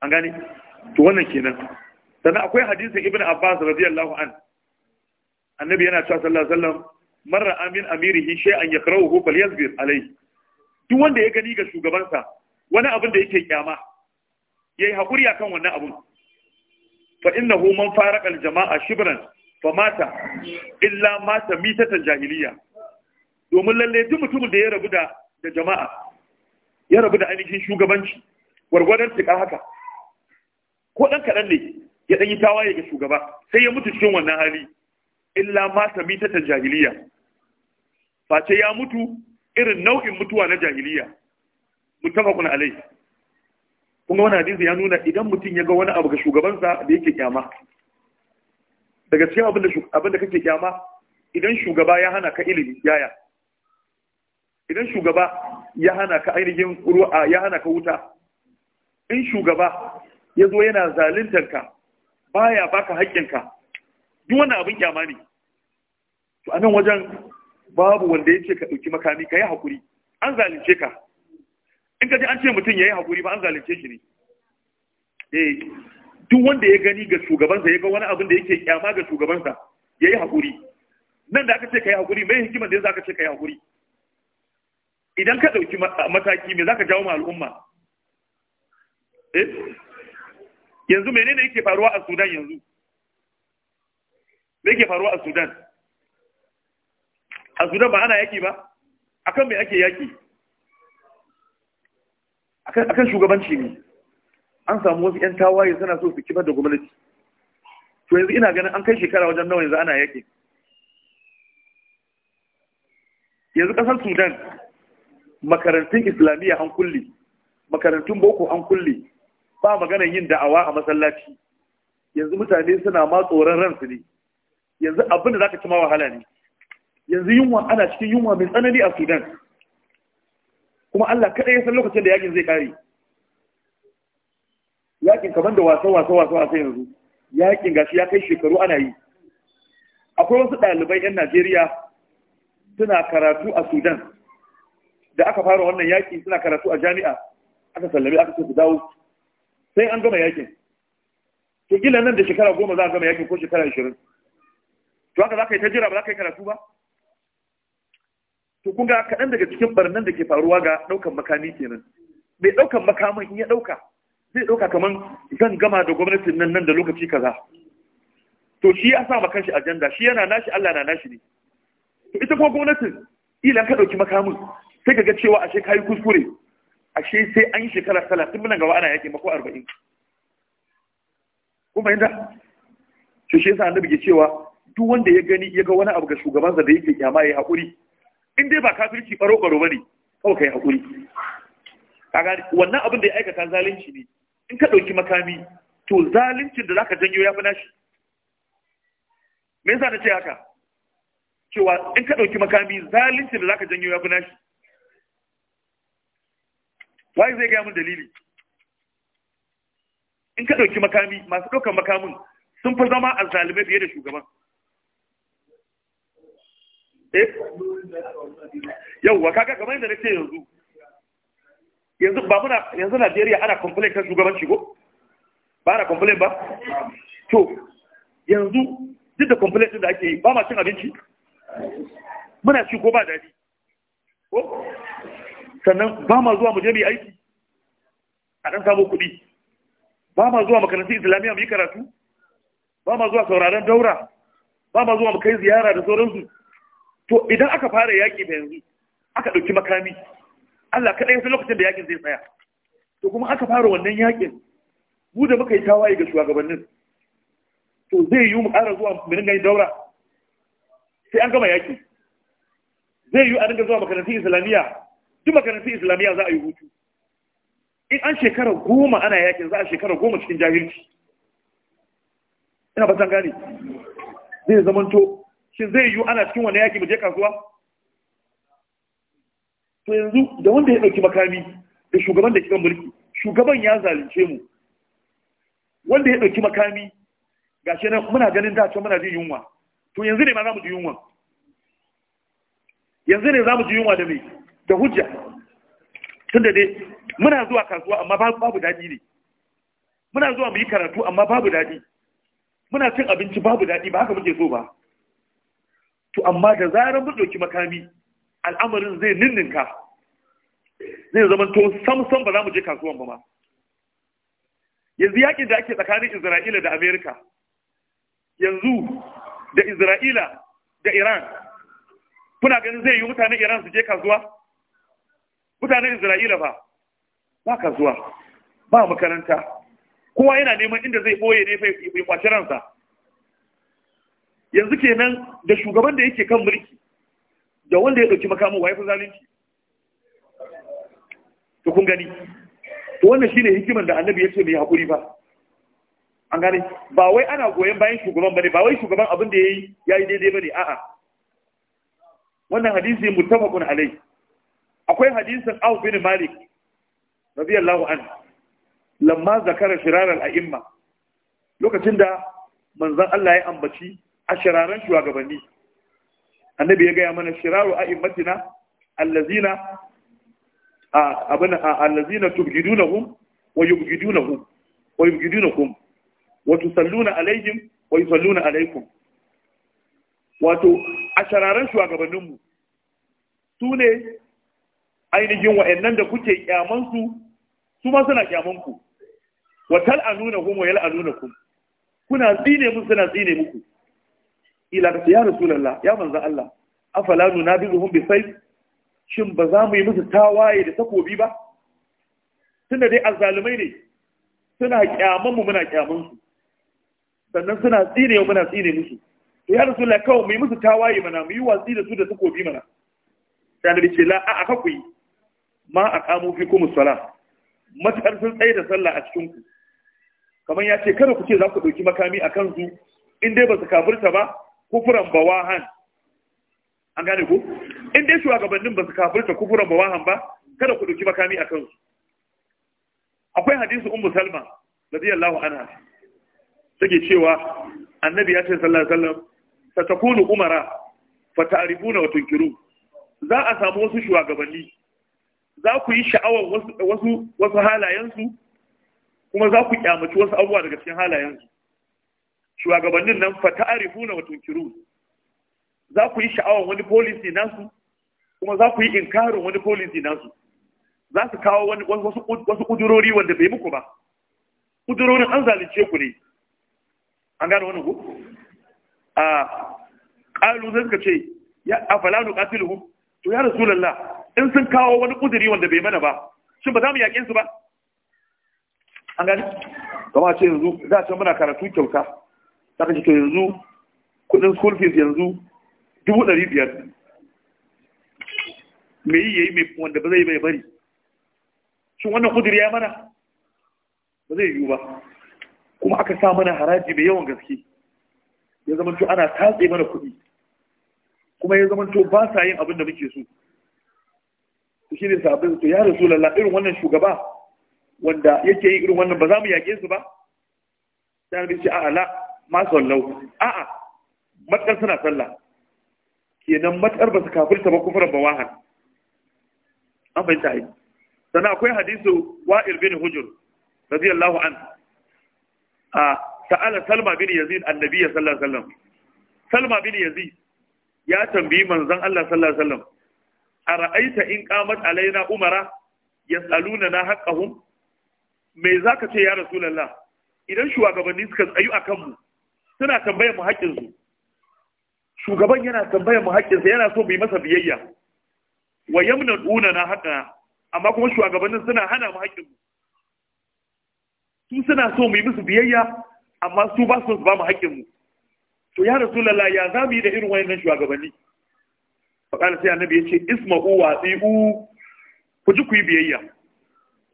an gane to wannan kenan sannan akwai hadisin ibn abbas radiyallahu an annabi yana cewa sallallahu alaihi wasallam marra amin amirihi shay'an yakrahu falyasbir alayhi duk wanda ya gani ga shugabansa wani abin da yake kyama yayi hakuri akan wannan abun fa innahu man faraka al-jama'a shibran fa mata illa mata mitatan jahiliya domin lalle duk mutumin da ya rabu da da jama'a ya rabu da ainihin shugabanci gwargwadon tsika haka ko dan kaɗan ne ya dan yi tawaye ga shugaba sai ya mutu cikin wannan hali illa mata mitatan jahiliya face ya mutu irin nau'in mutuwa na jahiliya mutafakun alai kuma wani hadisi ya nuna idan mutum ya ga wani abu ga shugabansa da yake kyama daga cikin abin da kake kyama idan shugaba ya hana ka ilimi yaya idan shugaba ya hana ka ainihin ruwa ya hana ka wuta in shugaba ya zo yana zaluntar ka baya baka haƙƙinka duk wani abin kyama ne to anan wajen babu wanda yake ka ɗauki makami ka yi haƙuri an zalunce ka in ka ji an ce mutum ya yi haƙuri ba an zalunce shi ne eh duk wanda ya gani ga shugabansa ya ga wani abin da yake kyama ga shugabansa ya yi haƙuri nan da aka ce ka yi haƙuri mai hikimar da ya za ka ce ka yi haƙuri idan ka ɗauki mataki me za ka jawo ma al'umma eh? yanzu menene yake faruwa a sudan yanzu me yake faruwa a sudan a sudan ba ana yaki ba akan mai ake yaƙi akan shugabanci ne an samu wasu 'yan tawaye suna so su kifar da gwamnati to yanzu ina ganin an kai shekara wajen nawa yanzu ana yaƙi yanzu ƙasar sudan makarantun islamiyya an kulle makarantun boko an kulle ba maganar yin da'awa a masallaci yanzu mutane suna ma tsoron ransu ne yanzu abin da za ka ci wahala ne yanzu yunwa ana cikin yunwa mai tsanani a sudan kuma allah kaɗai ya san lokacin da yakin zai kare yakin kamar da wasa wasa wasa wasa yanzu yakin gashi ya kai shekaru ana yi akwai wasu ɗalibai 'yan najeriya suna karatu a sudan da aka fara wannan yakin suna karatu a jami'a aka sallame aka ce su dawo sai an gama yakin to gila nan da shekara goma za a gama yakin ko shekara ashirin to haka za ka yi ta jira ba za ka yi karatu ba to kunga kaɗan daga cikin barnan da ke faruwa ga ɗaukan makami kenan mai ɗaukan makamin in ya ɗauka zai ɗauka kamar zan gama da gwamnatin nan nan da lokaci kaza to shi ya sa makanshi shi ajanda shi yana nashi Allah na nashi ne to ita kuma gwamnatin ila ka ɗauki makamin sai ka ga cewa ashe kayi kuskure ashe sai an yi shekara talatin muna gaba ana yaƙi mako arba'in kuma yanda to shi yasa annabi ke cewa duk wanda ya gani ya ga wani abu ga shugabansa da yake kyama ya yi haƙuri in dai ba kafirci baro baro bane kawai kai hakuri kaga wannan abin da ya aikata zalunci ne in ka dauki makami to zaluncin da zaka janyo yafi nashi me yasa nace haka cewa in ka dauki makami zaluncin da zaka janyo yafi nashi wai zai ga mun dalili in ka dauki makami masu daukan makamin sun fi zama a zalume fiye da shugaban Eh? yauwa kaga kamar yadda nake yanzu yanzu ba muna yanzu Najeriya ana complain kan shugabanci ko ba ana complain ba to yanzu duk da complain din da ake yi ba ma cin abinci muna ci ko ba daɗi ko sannan ba ma zuwa mu je mu yi aiki a dan samu kuɗi ba ma zuwa makarantun islamiyya mu yi karatu ba ma zuwa sauraron daura ba ma zuwa mu kai ziyara da sauransu to idan aka fara yaƙi da yanzu aka ɗauki makami Allah kaɗai sai lokacin da yaƙin zai tsaya to kuma aka fara wannan yaƙin mu da muka yi tawaye ga shugabannin to zai yi mu ƙara zuwa mu dinga yin daura sai an gama yaƙi zai yi a dinga zuwa makarantun islamiyya duk makarantun islamiyya za a yi hutu in an shekara goma ana yaƙin za a shekara goma cikin jahilci ina ba san gane zai zamanto shin zai yiwu ana cikin wani yaki mu je kasuwa to yanzu da wanda ya ɗauki makami da shugaban da kikan mulki shugaban ya zalunce mu wanda ya ɗauki makami gashi nan muna ganin da can muna jin yunwa to yanzu ne ma za mu ji yunwa yanzu ne za mu ji yunwa da mai da hujja tunda dai muna zuwa kasuwa amma babu daɗi ne muna zuwa mu yi karatu amma babu daɗi muna cin abinci babu daɗi ba haka muke so ba to amma da zarar mun ɗauki makami al'amarin zai ninninka zai zama to samsam ba za mu je kasuwan ba ma yanzu yakin da ake tsakanin isra'ila da amerika yanzu da isra'ila da iran kuna ganin zai yi mutanen iran su je kasuwa mutanen isra'ila ba ba kasuwa ba makaranta kowa yana neman inda zai ɓoye ne ya kwaci ransa yanzu kenan da shugaban da yake kan mulki da wanda ya dauki makamin waye fi zalunci to kun gani to wannan shine hikiman da annabi ya yace mai hakuri ba an gane ba wai ana goyen bayan shugaban bane ba wai shugaban abin da yayi yayi daidai bane a'a wannan hadisi muttafaqun alai akwai hadisin Abu bin Malik radiyallahu anhu lamma zakara shirar al-a'imma lokacin da manzon Allah ya ambaci a shiraran shugabanni annabi ya gaya mana shiraru a'immatina allazina abin allazina tubgidunahum wa yubgidunahum wa yubgidunakum wa tusalluna alaihim wa yusalluna alaikum wato a shararan shugabanninmu su ne ainihin wa'annan da kuke kyamansu su ma suna kyamanku wa tal'anunahum wa yal'anunakum kuna tsine musu suna tsine muku ila ka ya rasulullah ya manzo Allah afala nunabizuhum bi sayf shin ba za mu yi musu tawaye da takobi ba tunda dai azzalumai ne suna kyamanmu mu muna kyaman su sannan suna tsine muna tsine musu to ya rasulullah kawai mu yi musu tawaye mana mu yi watsi da su da takobi mana sai annabi ce la a aka ku ma aqamu kuma sala. matakar sun tsaye da sallah a cikin ku kamar ya ce kada ku ce za ku ɗauki makami a kansu in dai ba su kafirta ba kufuran bawahan an gane ku in dai shugabannin ba su kafirta kufuran bawahan ba kada ku dauki makami a kansu akwai hadisi ummu salma radiyallahu anha take cewa annabi ya ce sallallahu alaihi wasallam satakunu umara ta'rifuna wa tunkiru za a samu wasu shugabanni za ku yi sha'awar wasu wasu halayensu kuma za ku kyamaci wasu abubuwa daga cikin halayensu shugabannin nan fa ta'rifuna wa tunkiru. za ku yi sha'awar wani policy nasu kuma za ku yi inkarin wani policy nasu za su kawo wani wasu kudurori wanda bai muku ba kudurorin an zalunce ku ne an gano wannan ku a ƙalu sai suka ce ya afalanu nu qatiluhum to ya rasulullah in sun kawo wani kuduri wanda bai mana ba shin ba za mu yaƙe su ba an gani kuma ce yanzu za a ce muna karatu kyauta za ka ce to yanzu kudin school fees yanzu dubu ɗari biyar me yi yayi mai wanda ba zai mai bari shin wannan kudiri ya mana ba zai yiwu ba kuma aka sa mana haraji mai yawan gaske ya zama to ana tatse mana kuɗi kuma ya zama to ba sa yin abin da muke so to ne sabbin to ya rasu lalla irin wannan shugaba wanda yake yi irin wannan ba za mu yake su ba sai an bi ce ma a a'a matsar suna sallah kenan matsar ba su kafirta ba kufuran ba wahan an fahimta ai sana akwai hadisu wa'il bin hujur radiyallahu an a sa'ala salma bin yazid annabi sallallahu alaihi wasallam salma bin yazid ya tambayi manzon Allah sallallahu alaihi wasallam ara'aita in qamat alaina umara yasaluna na haqqahum me zaka ce ya rasulullah idan shugabanni suka tsayu akan mu suna tambayar mu haƙƙin su. shugaban yana tambayar mu haƙƙin sa, yana so mu yi masa biyayya wa yamna duna na haɗa amma kuma shugabannin suna hana mu mu. su suna so mu yi musu biyayya amma su ba su ba mu haƙƙin mu. to ya rasulullah ya za mu yi da irin wayannan shugabanni kana sai annabi ya ce isma'u wa tsi'u ku ji ku yi biyayya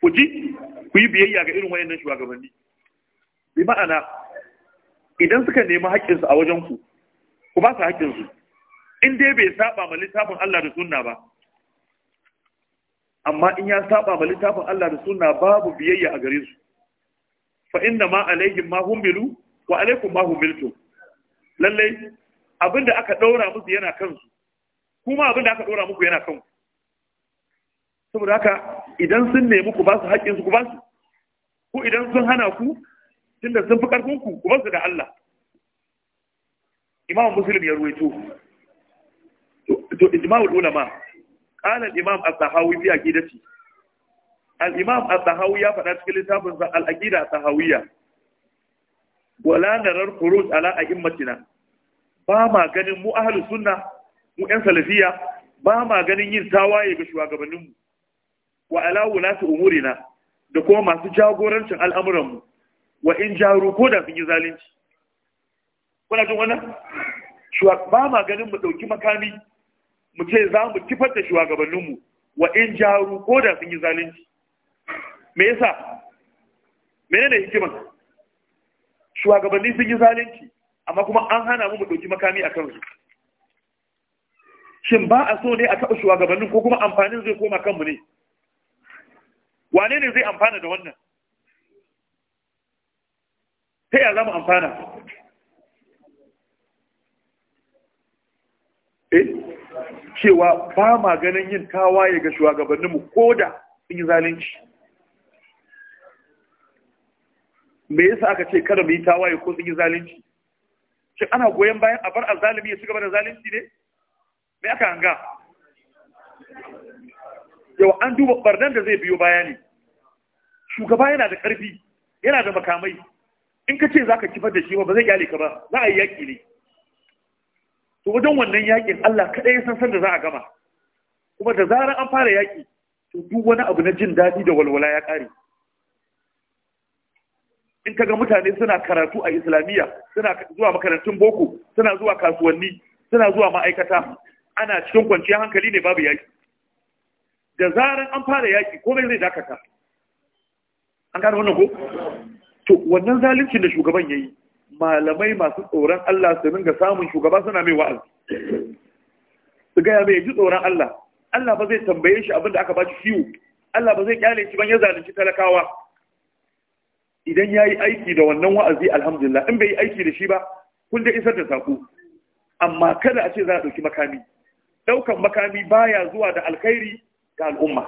ku ji ku yi biyayya ga irin wayannan shugabanni bi ma'ana idan suka nemi haƙƙinsu a wajen ku ku ba su haƙƙinsu in dai bai saba ma littafin Allah da sunna ba amma in ya saba ma littafin Allah da sunna babu biyayya a gare su fa inna ma alaihim ma humbilu wa alaikum ma humbiltum lalle abinda aka daura musu yana kansu kuma abinda aka daura muku yana kanku saboda haka idan sun nemi ku ba su haƙƙinsu ku ba su ko idan sun hana ku tunda sun fi karfin ku kuma su da Allah imam muslim ya ruwaito to ijma'ul ulama qala al-imam as-sahawi fi aqidati al-imam as-sahawi ya faɗa cikin littafin sa al-aqida as-sahawiyya wala narar khuruj ala a'immatina ba ma ganin mu ahlus sunna mu yan salafiya ba ma ganin yin tawaye ga shugabanninmu wa ala wulati umurina da kuma masu jagorancin al'amuranmu wa in jaru ko da sun yi zalunci kuna jin wannan ba ma ganin mu ɗauki makami mu ce za mu kifar da shugabanninmu wa in jaru ko da sun yi zalunci me yasa menene hikimar shugabanni sun yi zalunci amma kuma an hana mu mu ɗauki makami a kansu shin ba a so ne a taɓa shugabannin ko kuma amfanin zai koma kanmu ne wane ne zai amfana da wannan ta yaya za amfana eh cewa ba ma ganin yin tawaye ga shugabanninmu ko da sun yi zalunci me yasa aka ce kada mu yi tawaye ko sun yi zalunci shin ana goyon bayan a bar ya ci gaba da zalunci ne me aka hanga yau an duba barnan da zai biyo baya ne shugaba yana da ƙarfi yana da makamai in ka ce za ka kifar da shi ba zai yale ka ba za a yi yaƙi ne to wajen wannan yaƙin Allah kaɗai ya san san da za a gama kuma da zarar an fara yaƙi to duk wani abu na jin daɗi da walwala ya ƙare in ka ga mutane suna karatu a islamiyya suna zuwa makarantun boko suna zuwa kasuwanni suna zuwa ma'aikata ana cikin kwanciyar hankali ne babu yaƙi da zarar an fara yaƙi komai zai dakata an gano wannan ko to wannan zalincin da shugaban ya yi, malamai masu tsoron Allah su ringa samun shugaba suna mai wa'azi su gaya mai ji tsoron Allah Allah ba zai tambaye shi abinda da aka shi ciwo Allah ba zai kyale shi ban ya zalunci talakawa idan ya yi aiki da wannan wa'azi alhamdulillah in bai yi aiki da shi ba kun da isar da sako amma kada a ce za a ɗauki makami ɗaukan makami baya zuwa da alkhairi ga al'umma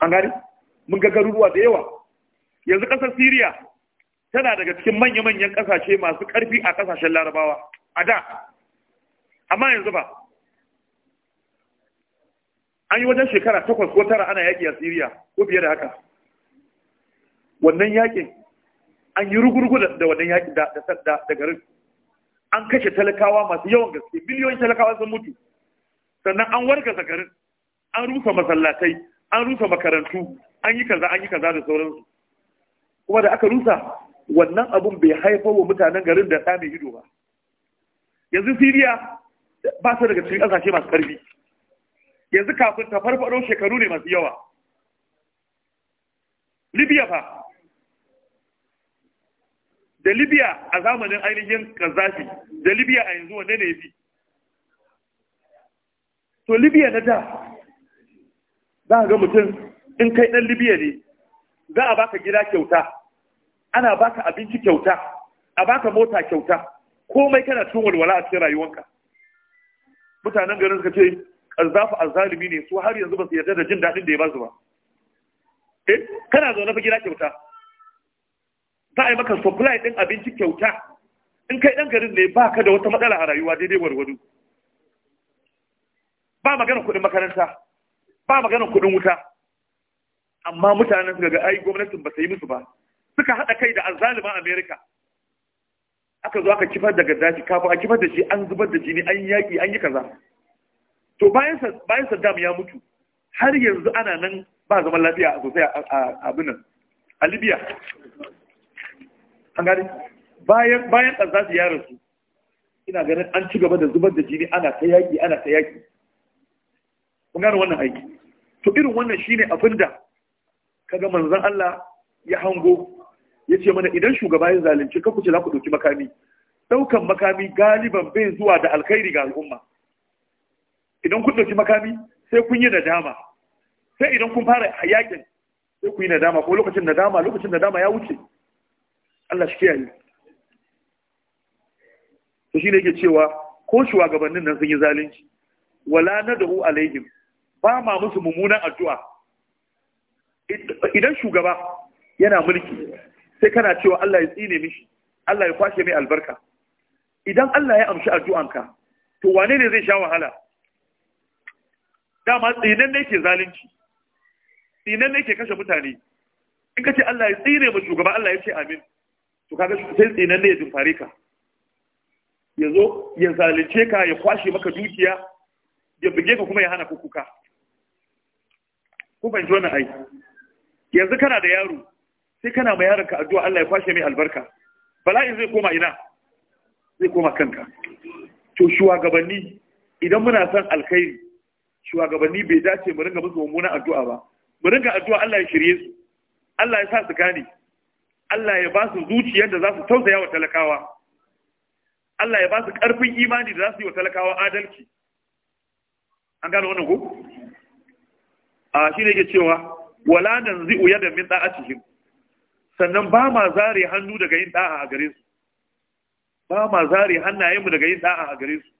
an gani mun ga garuruwa da yawa yanzu ƙasar Siriya tana daga cikin manya-manyan ƙasashe masu ƙarfi a ƙasashen Larabawa a da amma yanzu ba an yi wajen shekara takwas ko tara ana yaƙi a Siriya ko fiye da haka wannan yaƙin an yi rugurgu da wannan yaƙi da garin an kashe talakawa masu yawan gaske miliyoyin talakawa sun mutu sannan an wargaza garin an rufe masallatai an rufe makarantu an yi kaza an yi kaza da sauransu kuma da aka rusa wannan abun bai haifar wa mutanen garin da ɗa mai ido ba yanzu siriya ba su daga cikin ƙasashe masu ƙarfi yanzu kafin ta farfaɗo shekaru ne masu yawa libya fa da libya a zamanin ainihin kazafi da libya a yanzu wanne ne fi to libya na da za ga mutum in kai ɗan libya ne za a baka gida kyauta ana baka abinci kyauta a baka mota kyauta komai kana cikin walwala a cikin rayuwanka mutanen garin suka ce azzafu azzalimi ne su har yanzu ba su yarda da jin daɗin da ya ba ba eh kana zaune fa gida kyauta za a yi maka supply ɗin abinci kyauta in kai ɗan garin ne ba ka da wata matsala a rayuwa daidai warwado ba maganin kuɗin makaranta ba maganin kuɗin wuta amma mutanen suka ga ai gwamnatin ba ta yi musu ba suka haɗa kai da azalima amerika aka zo aka kifar da gaddafi kafin a kifar da shi an zubar da jini an yaƙi an yi kaza to bayan bayan saddam ya mutu har yanzu ana nan ba zaman lafiya sosai a abin nan a libya an gani bayan bayan ya rasu ina ganin an ci gaba da zubar da jini ana ta yaƙi ana ta yaƙi kun gane wannan aiki to irin wannan shine abin da kaga manzon Allah ya hango ya ce mana idan shugaba ya zalunci ka kuce za ku ɗauki makami ɗaukan makami galiban bai zuwa da alkhairi ga al'umma idan kun ɗauki makami sai kun yi nadama sai idan kun fara hayakin sai kun yi nadama ko lokacin nadama lokacin nadama ya wuce Allah shi kiyaye to shine yake cewa ko shugabannin nan sun yi zalunci wala nad'u alaihim ba ma musu mummunan addu'a idan shugaba yana mulki sai kana cewa Allah ya tsine mishi Allah ya kwashe mai albarka idan Allah ya amshi addu'anka to wane ne zai sha wahala dama tsinan ne ke zalunci tsinan ne ke kashe mutane in ka ce Allah ya tsine mu shugaba Allah ya ce amin to kaga sai tsinan ne ya dumfare ka ya zo ya zalunce ka ya kwashe maka dukiya ya buge ka kuma ya hana kuka ku fahimci wannan ai yanzu kana da yaro sai kana mai yaron ka addu'a Allah ya kwashe mai albarka bala'in zai koma ina zai koma kanka to shugabanni idan muna son alkhairi shugabanni bai dace mu ringa musu mummunan addu'a ba mu ringa addu'a Allah ya shirye su Allah ya sa su gane Allah ya ba su zuciyar da za su tausaya wa talakawa Allah ya ba su ƙarfin imani da za su yi wa talakawa adalci an gane wannan ko a shi ne ke cewa wala nan nanzi'u yadan min da'atihim sannan ba ma zare hannu daga yin da'a a gare su ba ma zare hannayenmu daga yin da'a a gare su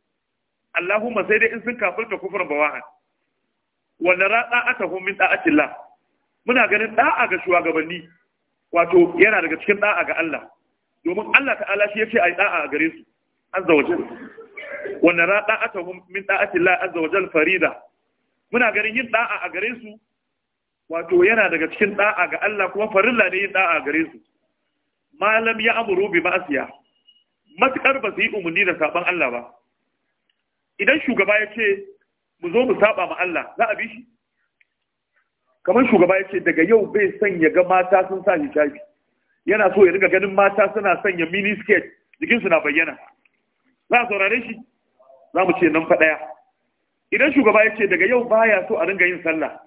Allahumma sai dai in sun kafirta kufran bawahan wa nara da'atahum min da'atillah muna ganin da'a ga shugabanni wato yana daga cikin da'a ga Allah domin Allah ta'ala shi yace ai da'a a gare su azza wajal wa ta hu min da'atillah azza wajal farida muna ganin yin da'a a gare su wato yana daga cikin da'a ga Allah kuma farilla ne yin da'a gare su malam ya amuru bi ma'asiya matukar ba su yi umarni da saban Allah ba idan shugaba ya ce mu zo mu saba ma Allah za a bi shi kamar shugaba ya ce daga yau bai sanya ga mata sun sa hijabi yana so ya riga ganin mata suna sanya mini skirt jikinsu na bayyana za a saurare shi za mu ce nan fa daya idan shugaba ya ce daga yau baya so a ringa yin sallah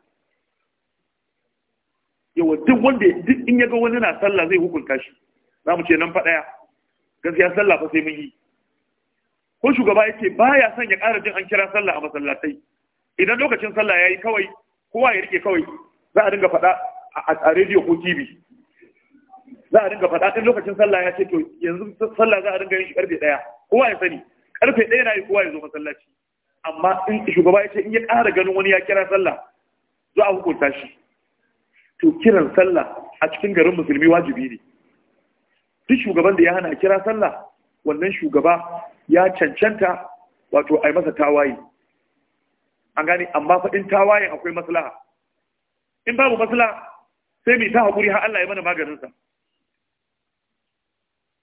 yawa duk wanda duk in ya ga wani na sallah zai hukunta shi za mu ce nan fa ɗaya gaskiya sallah fa sai mun yi ko shugaba ya ce baya son ya ƙara jin an kira sallah a masallatai idan lokacin sallah ya yi kawai kowa ya rike kawai za a dinga faɗa a rediyo ko tv za a dinga faɗa ɗin lokacin sallah ya ce to yanzu sallah za a dinga yin shi ƙarfe ɗaya kowa ya sani ƙarfe ɗaya na yi kowa ya zo masallaci amma in shugaba ya ce in ya ƙara ganin wani ya kira sallah za a hukunta shi to kiran sallah a cikin garin musulmi wajibi ne duk shugaban da ya hana kira sallah wannan shugaba ya cancanta wato a masa tawaye an gane amma faɗin tawayen akwai maslaha in babu maslaha sai mai ta haƙuri har Allah ya mana maganinsa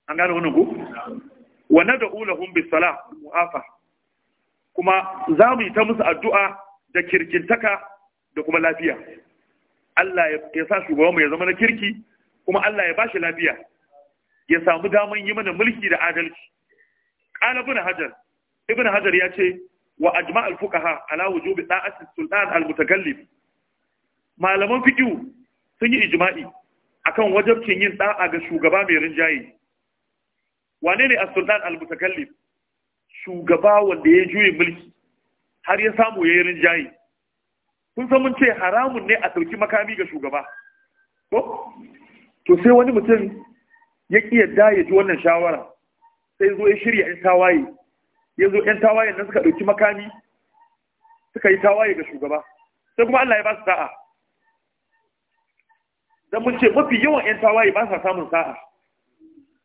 an gane wannan ku wa nad'u lahum bis-salah mu'afa kuma za mu yi ta musu addu'a da kirkintaka da kuma lafiya Allah ya sa shugabanmu ya zama na kirki kuma Allah ya ba shi lafiya ya samu daman yi mana mulki da adalci qala ibn hajar ibn hajar ya ce wa ajma' al fuqaha ala wujubi da'at sultan al mutakallif malaman fiqh sun yi ijma'i akan wajabcin yin da'a ga shugaba mai rinjaye wane ne as-sultan al mutakallif shugaba wanda ya juye mulki har ya samu yayin rinjaye kun san mun ce haramun ne a ɗauki makami ga shugaba ko to sai wani mutum ya ƙi yadda ya ji wannan shawara sai zo ya shirya yan tawaye ya zo yan tawaye nan suka ɗauki makami suka yi tawaye ga shugaba sai kuma Allah ya ba su sa'a dan mun ce mafi yawan yan tawaye ba sa samun sa'a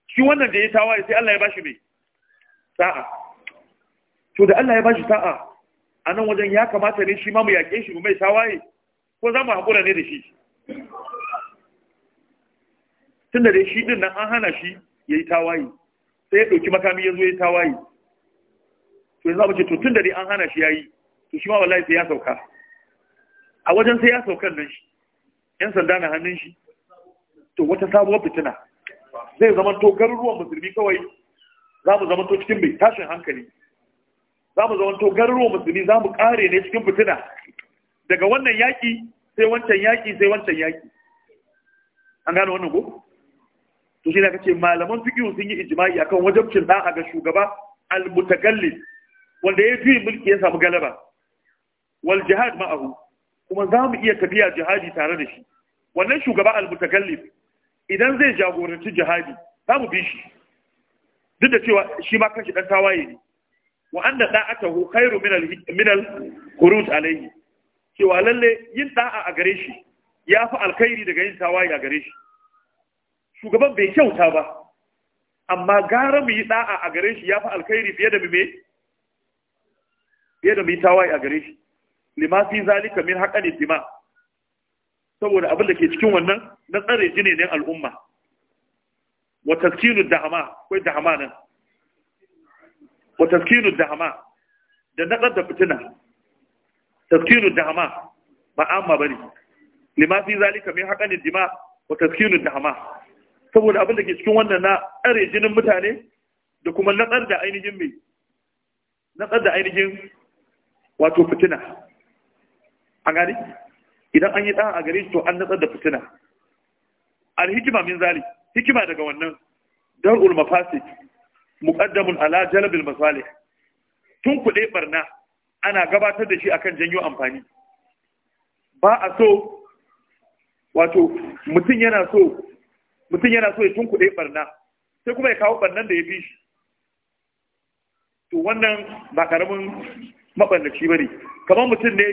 shi wannan da ya tawaye sai Allah ya ba shi mai sa'a to da Allah ya ba shi sa'a a nan wajen ya kamata ne shi ma mu yaƙe shi mu mai tawaye ko za mu haƙura ne da shi tun da dai shi ɗin nan an hana shi ya yi tawaye sai ya ɗauki makami ya zo ya yi tawaye to yanzu abu ce to tun da dai an hana shi ya yi to shi ma wallahi sai ya sauka a wajen sai ya saukan nan shi yan sanda na hannun shi to wata sabuwar fitina zai zama to garuruwan musulmi kawai za mu zama to cikin bai tashin hankali za mu zaunto garuruwan musulmi za mu kare ne cikin fitina daga wannan yaƙi sai wancan yaƙi sai wancan yaƙi an gane wannan ko to shi ne kace malaman fiqh sun yi ijma'i akan da a ga shugaba al-mutakallif wanda ya juyi mulki ya samu galaba wal jihad ma'ahu kuma za mu iya tafiya jihadi tare da shi wannan shugaba al-mutakallif idan zai jagoranci jihadi za mu bi shi duk da cewa shi ma kanshi dan tawaye ne wa anna da'atahu khairu min al min al khuruj alayhi cewa lalle yin da'a a gare shi ya fi alkhairi daga yin tawaye a gare shi shugaban bai kyauta ba amma gara mu yi da'a a gare shi ya fi alkhairi fiye da mu me fiye da mu yi tawaye a gare shi lima fi zalika min haqqan dima saboda abin da ke cikin wannan na tsare jine ne al'umma wa taskinu da'ama akwai da'ama nan wa taskinu dahama da naɗar da fitina taskinu dahama ba amma bane lima fi zalika min haƙanin dima wa taskinu dahama saboda abin da ke cikin wannan na tsare jinin mutane da kuma natsar da ainihin mai natsar da ainihin wato fitina A gani idan an yi ɗan a gare shi to an natsar da fitina alhikima min zali hikima daga wannan dar'ul mafasid muqaddamun ala jalbil masalih tun kuɗe barna ana gabatar da shi akan janyo amfani ba a so wato mutum yana so mutum yana so ya tun kuɗe barna sai kuma ya kawo barnan da ya fi shi to wannan ba karamin maɓallaci ba ne kamar mutum ne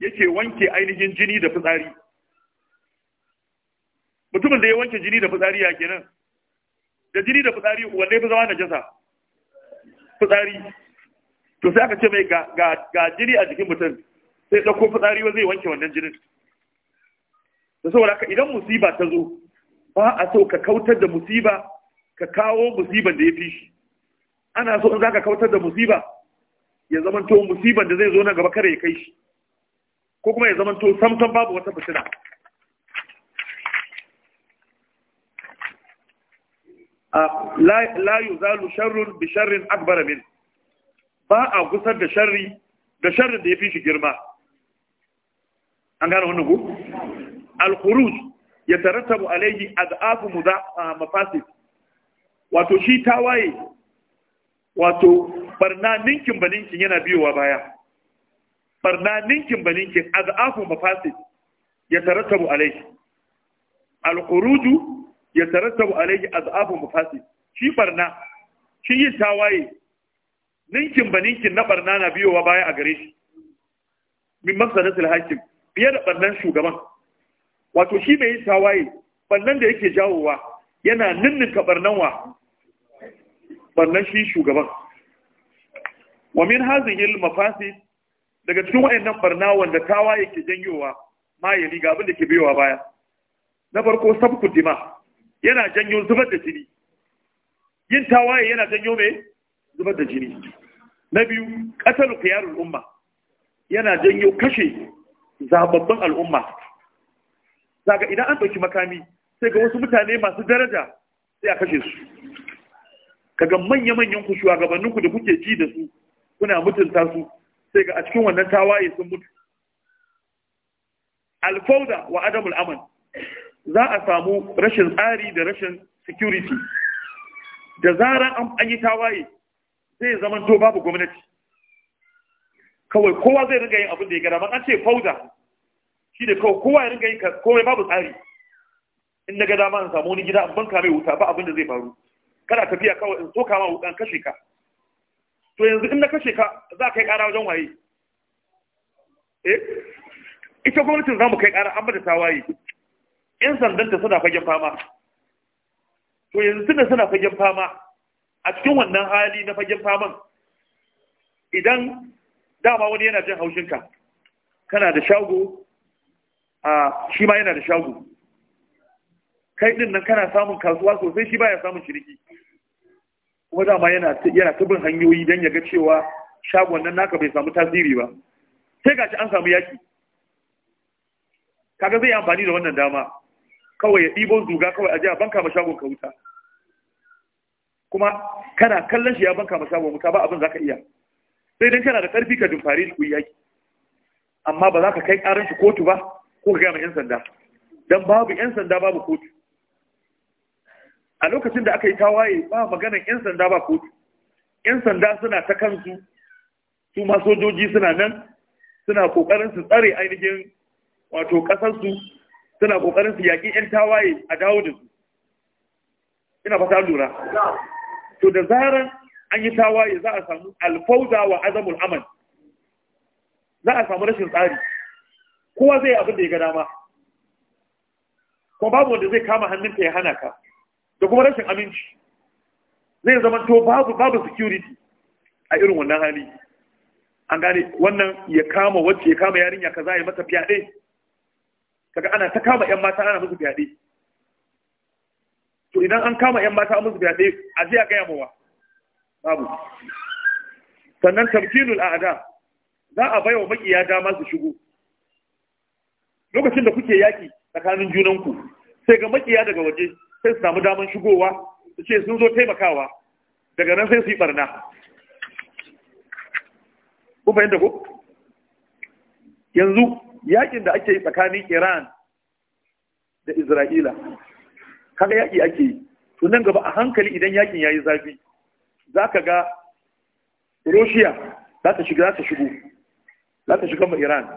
yake wanke ainihin jini da fitsari mutumin da ya wanke jini da fitsari ya kenan da jini da fitsari wanda ya fi zama najasa fitsari to sai aka ce mai ga jini a jikin mutum sai ɗauko fitsari wa zai wanke wannan jinin da saboda haka idan musiba ta zo ba a so ka kautar da musiba ka kawo musiban da ya fi shi ana so in za ka kautar da musiba ya zamanto musiban da zai zo na gaba kare ya kai shi ko kuma ya zamanto samsan babu wata fitina la yuzalu sharrun bi sharrin akbar min ba a gusar da sharri da sharrin da ya fi shi girma an gane wannan ku al-khuruj yatarattabu alayhi ad'afu mafasid wato shi tawaye wato barna ninkin baninkin yana biyowa baya barna ninkin baninkin ad'afu mafasid yatarattabu alayhi al-khuruju ya tarattabu alaihi azabu mufasi shi barna shi yin tawaye ninkin ba ninkin na barna na biyo wa baya a gare shi min mafsadatul hakim fiye da barnan shugaban wato shi mai yin tawaye barnan da yake jawowa yana ninninka barnan wa barnan shi shugaban wa min hazihi mafasi daga cikin wayannan barna wanda tawaye ke janyowa ma ya riga abin da ke biyowa baya na farko sabku dima yana janyo zubar da jini yin tawaye yana janyo mai zubar da jini na biyu ƙasar kiyarun umma yana janyo kashe zababban al'umma Saga idan an ɗauki makami sai ga wasu mutane masu daraja sai a kashe su kaga manya-manyan ku ku da kuke ji da su kuna mutunta su sai ga a cikin wannan tawaye sun mutu alfauda wa adamul aman za a samu rashin tsari da rashin security da zarar an yi tawaye zai zama to babu gwamnati kawai kowa zai riga yin abin da ya gara an ce fauda shi da kawai kowa ya riga yin kawai babu tsari in na ga dama in samu wani gida in banka mai wuta ba abin da zai faru kana tafiya kawai in so kama wuta kashe ka to yanzu in na kashe ka za ka yi kara wajen waye eh ita gwamnatin za mu kai kara an bada tawaye 'yan sandanta suna fagen fama to yanzu tunda suna fagen fama a cikin wannan hali na fagen faman idan dama wani yana jin haushinka kana da shago a shi ma yana da shago kai din nan kana samun kasuwa sosai shi baya samun shirki, kuma dama yana yana tubin hanyoyi don ya ga cewa shagon nan naka bai samu tasiri ba sai gashi an samu yaki kaga zai amfani da wannan dama kawai ya ɗibo zuga kawai a ji a banka ma shagon ka wuta kuma kana kallon shi ya banka ma shagon wuta ba abin za ka iya sai dai kana da ƙarfi ka dumfare shi ku yi yaki amma ba za ka kai ƙarin shi kotu ba ko ka gaya ma 'yan sanda don babu 'yan sanda babu kotu a lokacin da aka yi tawaye ba maganan 'yan sanda ba kotu 'yan sanda suna ta kansu su ma sojoji suna nan suna kokarin su tsare ainihin wato kasarsu suna kokarin su yaƙi ƴan tawaye a dawo da su ina fata lura to da zaran an yi tawaye za a samu alfauza wa azamul aman za a samu rashin tsari kowa zai abin da ya ga dama kuma babu wanda zai kama hannunta ya hana ka da kuma rashin aminci zai zama to babu babu security a irin wannan hali an gane wannan ya kama wacce ya kama yarinya kaza ya mata fyaɗe daga ana ta kama ƴan mata ana musu fyaɗe to idan an kama ƴan mata an musu fyaɗe a je a gaya mawa babu sannan tamkinul a'ada za a bai wa makiya dama su shigo lokacin da kuke yaƙi tsakanin junanku sai ga makiya daga waje sai su samu daman shigowa su ce sun zo taimakawa daga nan sai su yi barna ku fahimta ko yanzu yakin da ake tsakanin Iran da Isra'ila kaga yaki ake yi to nan gaba a hankali idan yakin yayi zafi zaka ga Russia za ta shiga za ta shigo za ta shiga ma Iran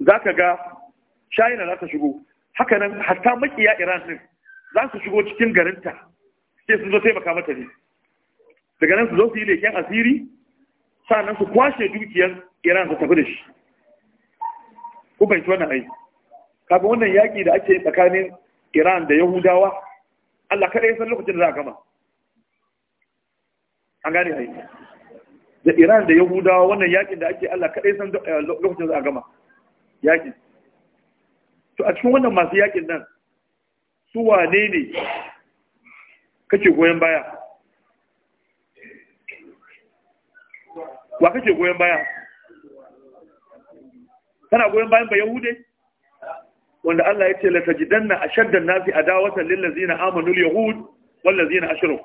zaka ga China za ta shigo haka nan hatta makiya Iran din za su shigo cikin garinta sai sun zo taimaka mata ne daga nan su zo su yi leken asiri sannan su kwashe dukiyar Iran su tafi da shi ku fahimci wannan ai kafin wannan yaƙi da ake tsakanin Iran da Yahudawa Allah kada ya san lokacin da za a gama an gane ai da Iran da Yahudawa wannan yaƙin da ake Allah kada ya san eh, lokacin da za a gama yaƙi to a cikin wannan masu yaƙin nan su wane ne kake goyon baya wa kake goyon baya kana goyon bayan ba yahude wanda Allah ya ce la tajidanna ashadda an-nasi adawatan lil ladzina amanu al-yahud wal ladzina ashraku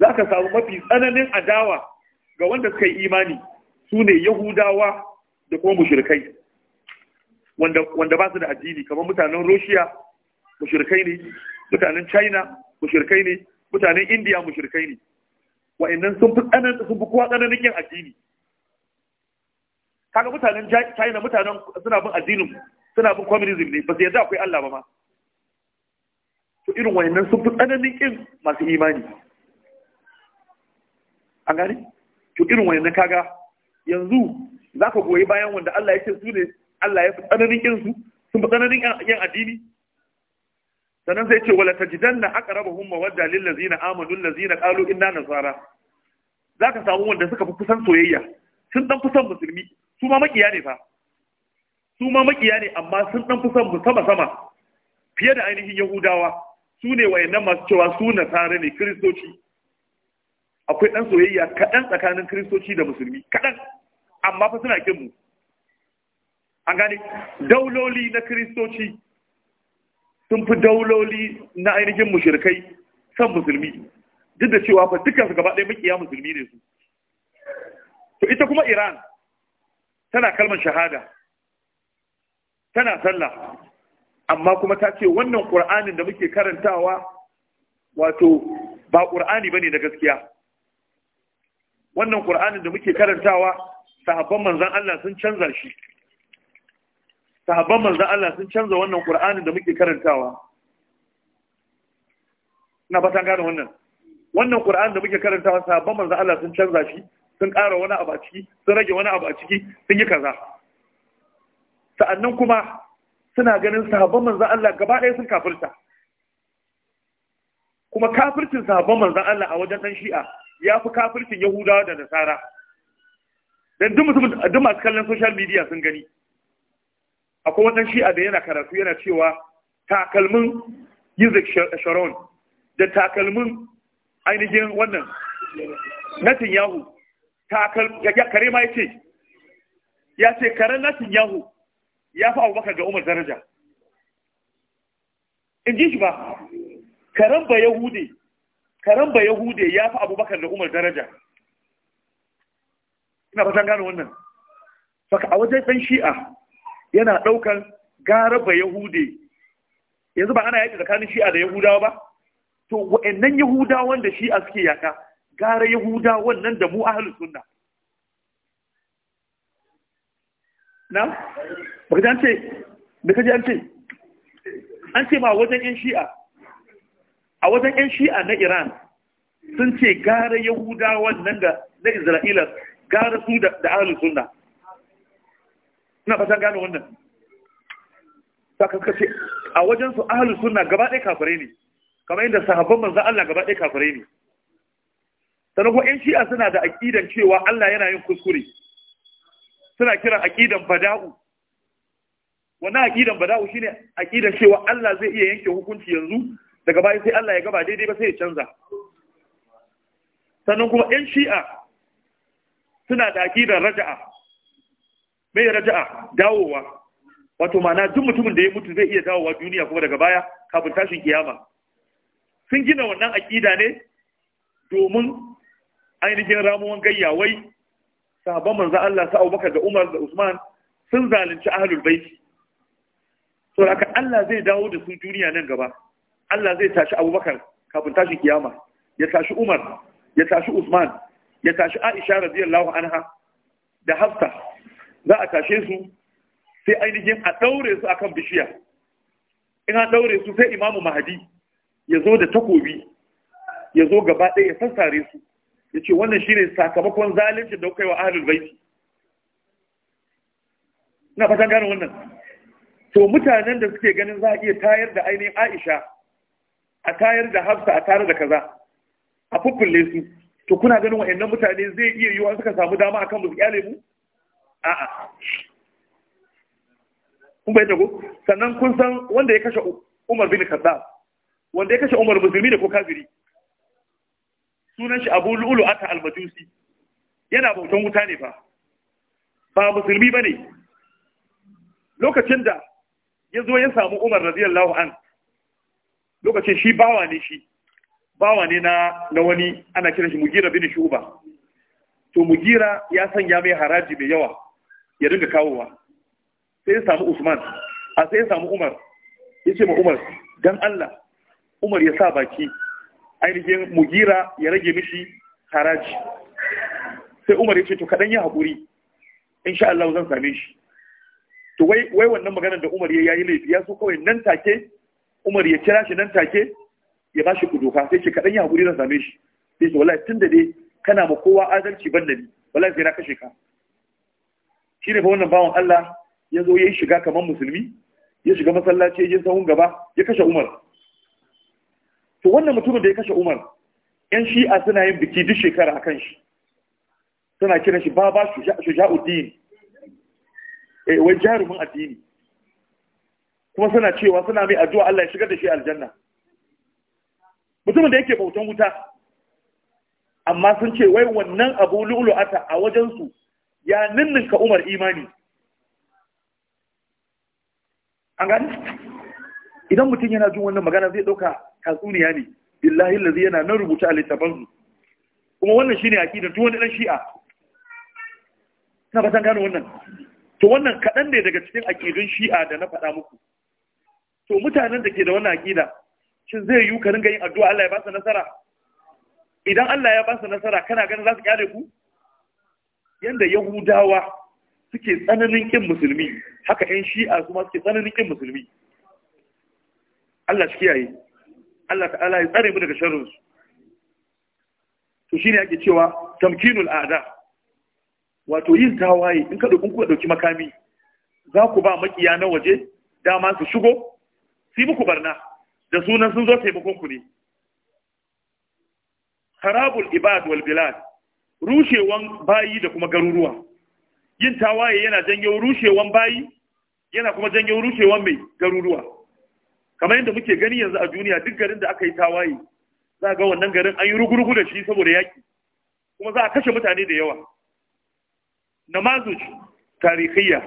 zaka samu mafi tsananin adawa ga wanda suka yi imani sune yahudawa da kuma mushrikai wanda wanda ba su da addini kamar mutanen Russia mushrikai ne mutanen China mushrikai ne mutanen India mushrikai ne wa'annan sun fi tsananin sun fi kowa tsananin yin addini kaga mutanen China mutanen suna bin addinin suna bin communism ne ba su yarda akwai Allah ba ma to irin wayannan sun fi tsananin kin masu imani an gani to irin wayannan kaga yanzu za ka goyi bayan wanda Allah ya ce su ne Allah ya fi tsananin kin su sun fi tsananin yan addini sannan sai ce wala tajidanna aqrabuhum mawadda lil ladzina amanu ladzina qalu inna nasara zaka samu wanda suka fi kusan soyayya sun dan kusan musulmi su ma makiya ne fa su ma makiya ne amma sun dan kusan mu sama sama fiye da ainihin yahudawa su ne wayannan masu cewa su nasara ne kristoci akwai dan soyayya kaɗan tsakanin kristoci da musulmi kaɗan amma fa suna kin mu an gane dauloli na kristoci sun fi dauloli na ainihin mushirkai san musulmi duk da cewa fa dukkan su gaba ɗaya makiya musulmi ne su to ita kuma iran tana kalmar shahada tana sallah amma kuma ta ce wannan ƙur'anin da muke karantawa wato ba ƙur'ani bane da gaskiya wannan ƙur'anin da muke karantawa sahabban manzan Allah sun canza shi sahabban manzan Allah sun canza wannan ƙur'anin da muke karantawa ina ta gane wannan wannan ƙur'anin da muke karantawa sahabban manzan Allah sun canza shi sun ƙara wani abu a ciki sun rage wani abu a ciki sun yi kaza sa'annan kuma suna ganin sahabban manzan Allah gaba ɗaya sun kafirta kuma kafircin sahabban manzan Allah a wajen ɗan shi'a ya fi kafircin yahudawa da nasara don duk masu kallon social media sun gani akwai wannan shi'a da yana karatu yana cewa takalmin yizek sharon da takalmin ainihin wannan natin yahu kare ma ya ce ya ce karen natin yahu ya fi abubakar da umar daraja in ji shi ba karen ba yahude karen ba yahude ya fi abubakar da umar daraja ina fatan gano wannan saka a wajen ɗan shi'a yana ɗaukar gara ba yahude yanzu ba ana yaƙi tsakanin shi'a da yahudawa ba to wa'annan yahudawan da shi'a suke yaka. gara yahuda wannan da mu ahlus sunna na baka an ce da kaji an ce an ce ma wajen yan shi'a a wajen yan shi'a na iran sun ce gara yahuda wannan da na isra'ila gara su da ahlus sunna ina fatan gane wannan sakakace a wajen su ahlus sunna gaba ɗaya kafirai ne kamar inda sahabban manzon Allah gaba ɗaya kafirai ne sannan kuma 'yan shi'a suna da aƙidan cewa Allah yana yin kuskure suna kiran aƙidan bada'u wannan aƙidan bada'u shine aƙidan cewa Allah zai iya yanke hukunci yanzu daga baya sai Allah ya gaba daidai ba sai ya canza sannan kuma 'yan shi'a suna da aƙidan raja'a mai raja'a dawowa wato mana duk mutumin da ya mutu zai iya dawowa duniya kuma daga baya kafin tashin kiyama sun gina wannan aƙida ne domin ainihin ramuwan gayya wai sahabban manzo Allah sa Abubakar da Umar da Usman sun zalunci ahlul baiti to haka Allah zai dawo da su duniya nan gaba Allah zai tashi Abubakar kafin tashi kiyama ya tashi Umar ya tashi Usman ya tashi Aisha radiyallahu anha da Hafsa za a tashe su sai ainihin a daure su akan bishiya in an daure su sai Imamu Mahdi ya zo da takobi ya zo gaba ɗaya ya sassare su yace wannan shine sakamakon zalunci da kai wa ahalin baiti ina fatan gane wannan to mutanen da suke ganin za a iya tayar da ainihin Aisha a tayar da Hafsa a tare da kaza a fuffulle su to kuna ganin wa'annan mutane zai iya yiwuwa suka samu dama akan musu kyale mu a'a kun bai tago sannan kun san wanda ya kashe Umar bin Khattab wanda ya kashe Umar musulmi ne ko kafiri sunan shi abu lu'ulu ata almajusi yana bautan wuta ne ba ba musulmi ba ne lokacin da ya zo ya samu umar radiyallahu an lokacin shi bawa ne shi bawa ne na wani ana kiran shi mugira bin shuba to mugira ya sanya mai haraji mai yawa ya dinga kawowa sai ya samu usman a sai ya samu umar ya ce ma umar dan allah umar ya sa baki ainihin mugira ya rage mishi haraji sai umar ya ce to kaɗan yi haƙuri sha Allah zan same shi to wai wannan maganar da umar ya yi laifi ya so kawai nan take umar ya kira shi nan take ya ba shi doka. sai ce kaɗan yi haƙuri zan same shi sai ce wallahi tun da dai kana ma kowa adalci ban da ni wallahi sai na kashe ka shi ne fa wannan bawan Allah ya zo ya yi shiga kamar musulmi ya shiga masallaci ya je sahun gaba ya kashe umar to wannan mutumin da ya kashe umar yan shi'a suna yin biki duk shekara kan shi suna kiran shi baba shuja'uddin eh wai jarumin addini kuma suna cewa suna mai addu'a Allah ya shigar da shi aljanna mutumin da yake bautan wuta amma sun ce wai wannan abu lu'lu'ata a wajen su, ya ninninka umar imani an gani idan mutum yana jin wannan magana zai ɗauka tatsuniya ne billahi lazi yana nan rubuta a littafansu kuma wannan shine aqida to wani dan shi'a ina fatan gano wannan to wannan kaɗan ne daga cikin aqidun shi'a da na faɗa muku to mutanen da ke da wannan aqida shin zai yiwu ka ringa yin addu'a Allah ya ba su nasara idan Allah ya ba su nasara kana ganin za su kyale ku yanda yahudawa suke tsananin kin musulmi haka ƴan shi'a kuma suke tsananin kin musulmi Allah shi kiyaye Allah ta'ala ya tsare mu daga sharrin su to shine ake cewa tamkinul a'da wato yin tawaye in ka dauki ku dauki makami za ku ba makiya na waje dama su shigo sai muku barna da sunan sun zo taimakon ku ne harabul ibad wal bilad rushewan bayi da kuma garuruwa yin tawaye yana janyo rushewan bayi yana kuma janyo rushewan mai garuruwa kamar yadda muke gani yanzu a duniya duk garin da aka yi tawaye za ga wannan garin an yi rugurugu da shi saboda yaki kuma za a kashe mutane da yawa Namazu tarihiyya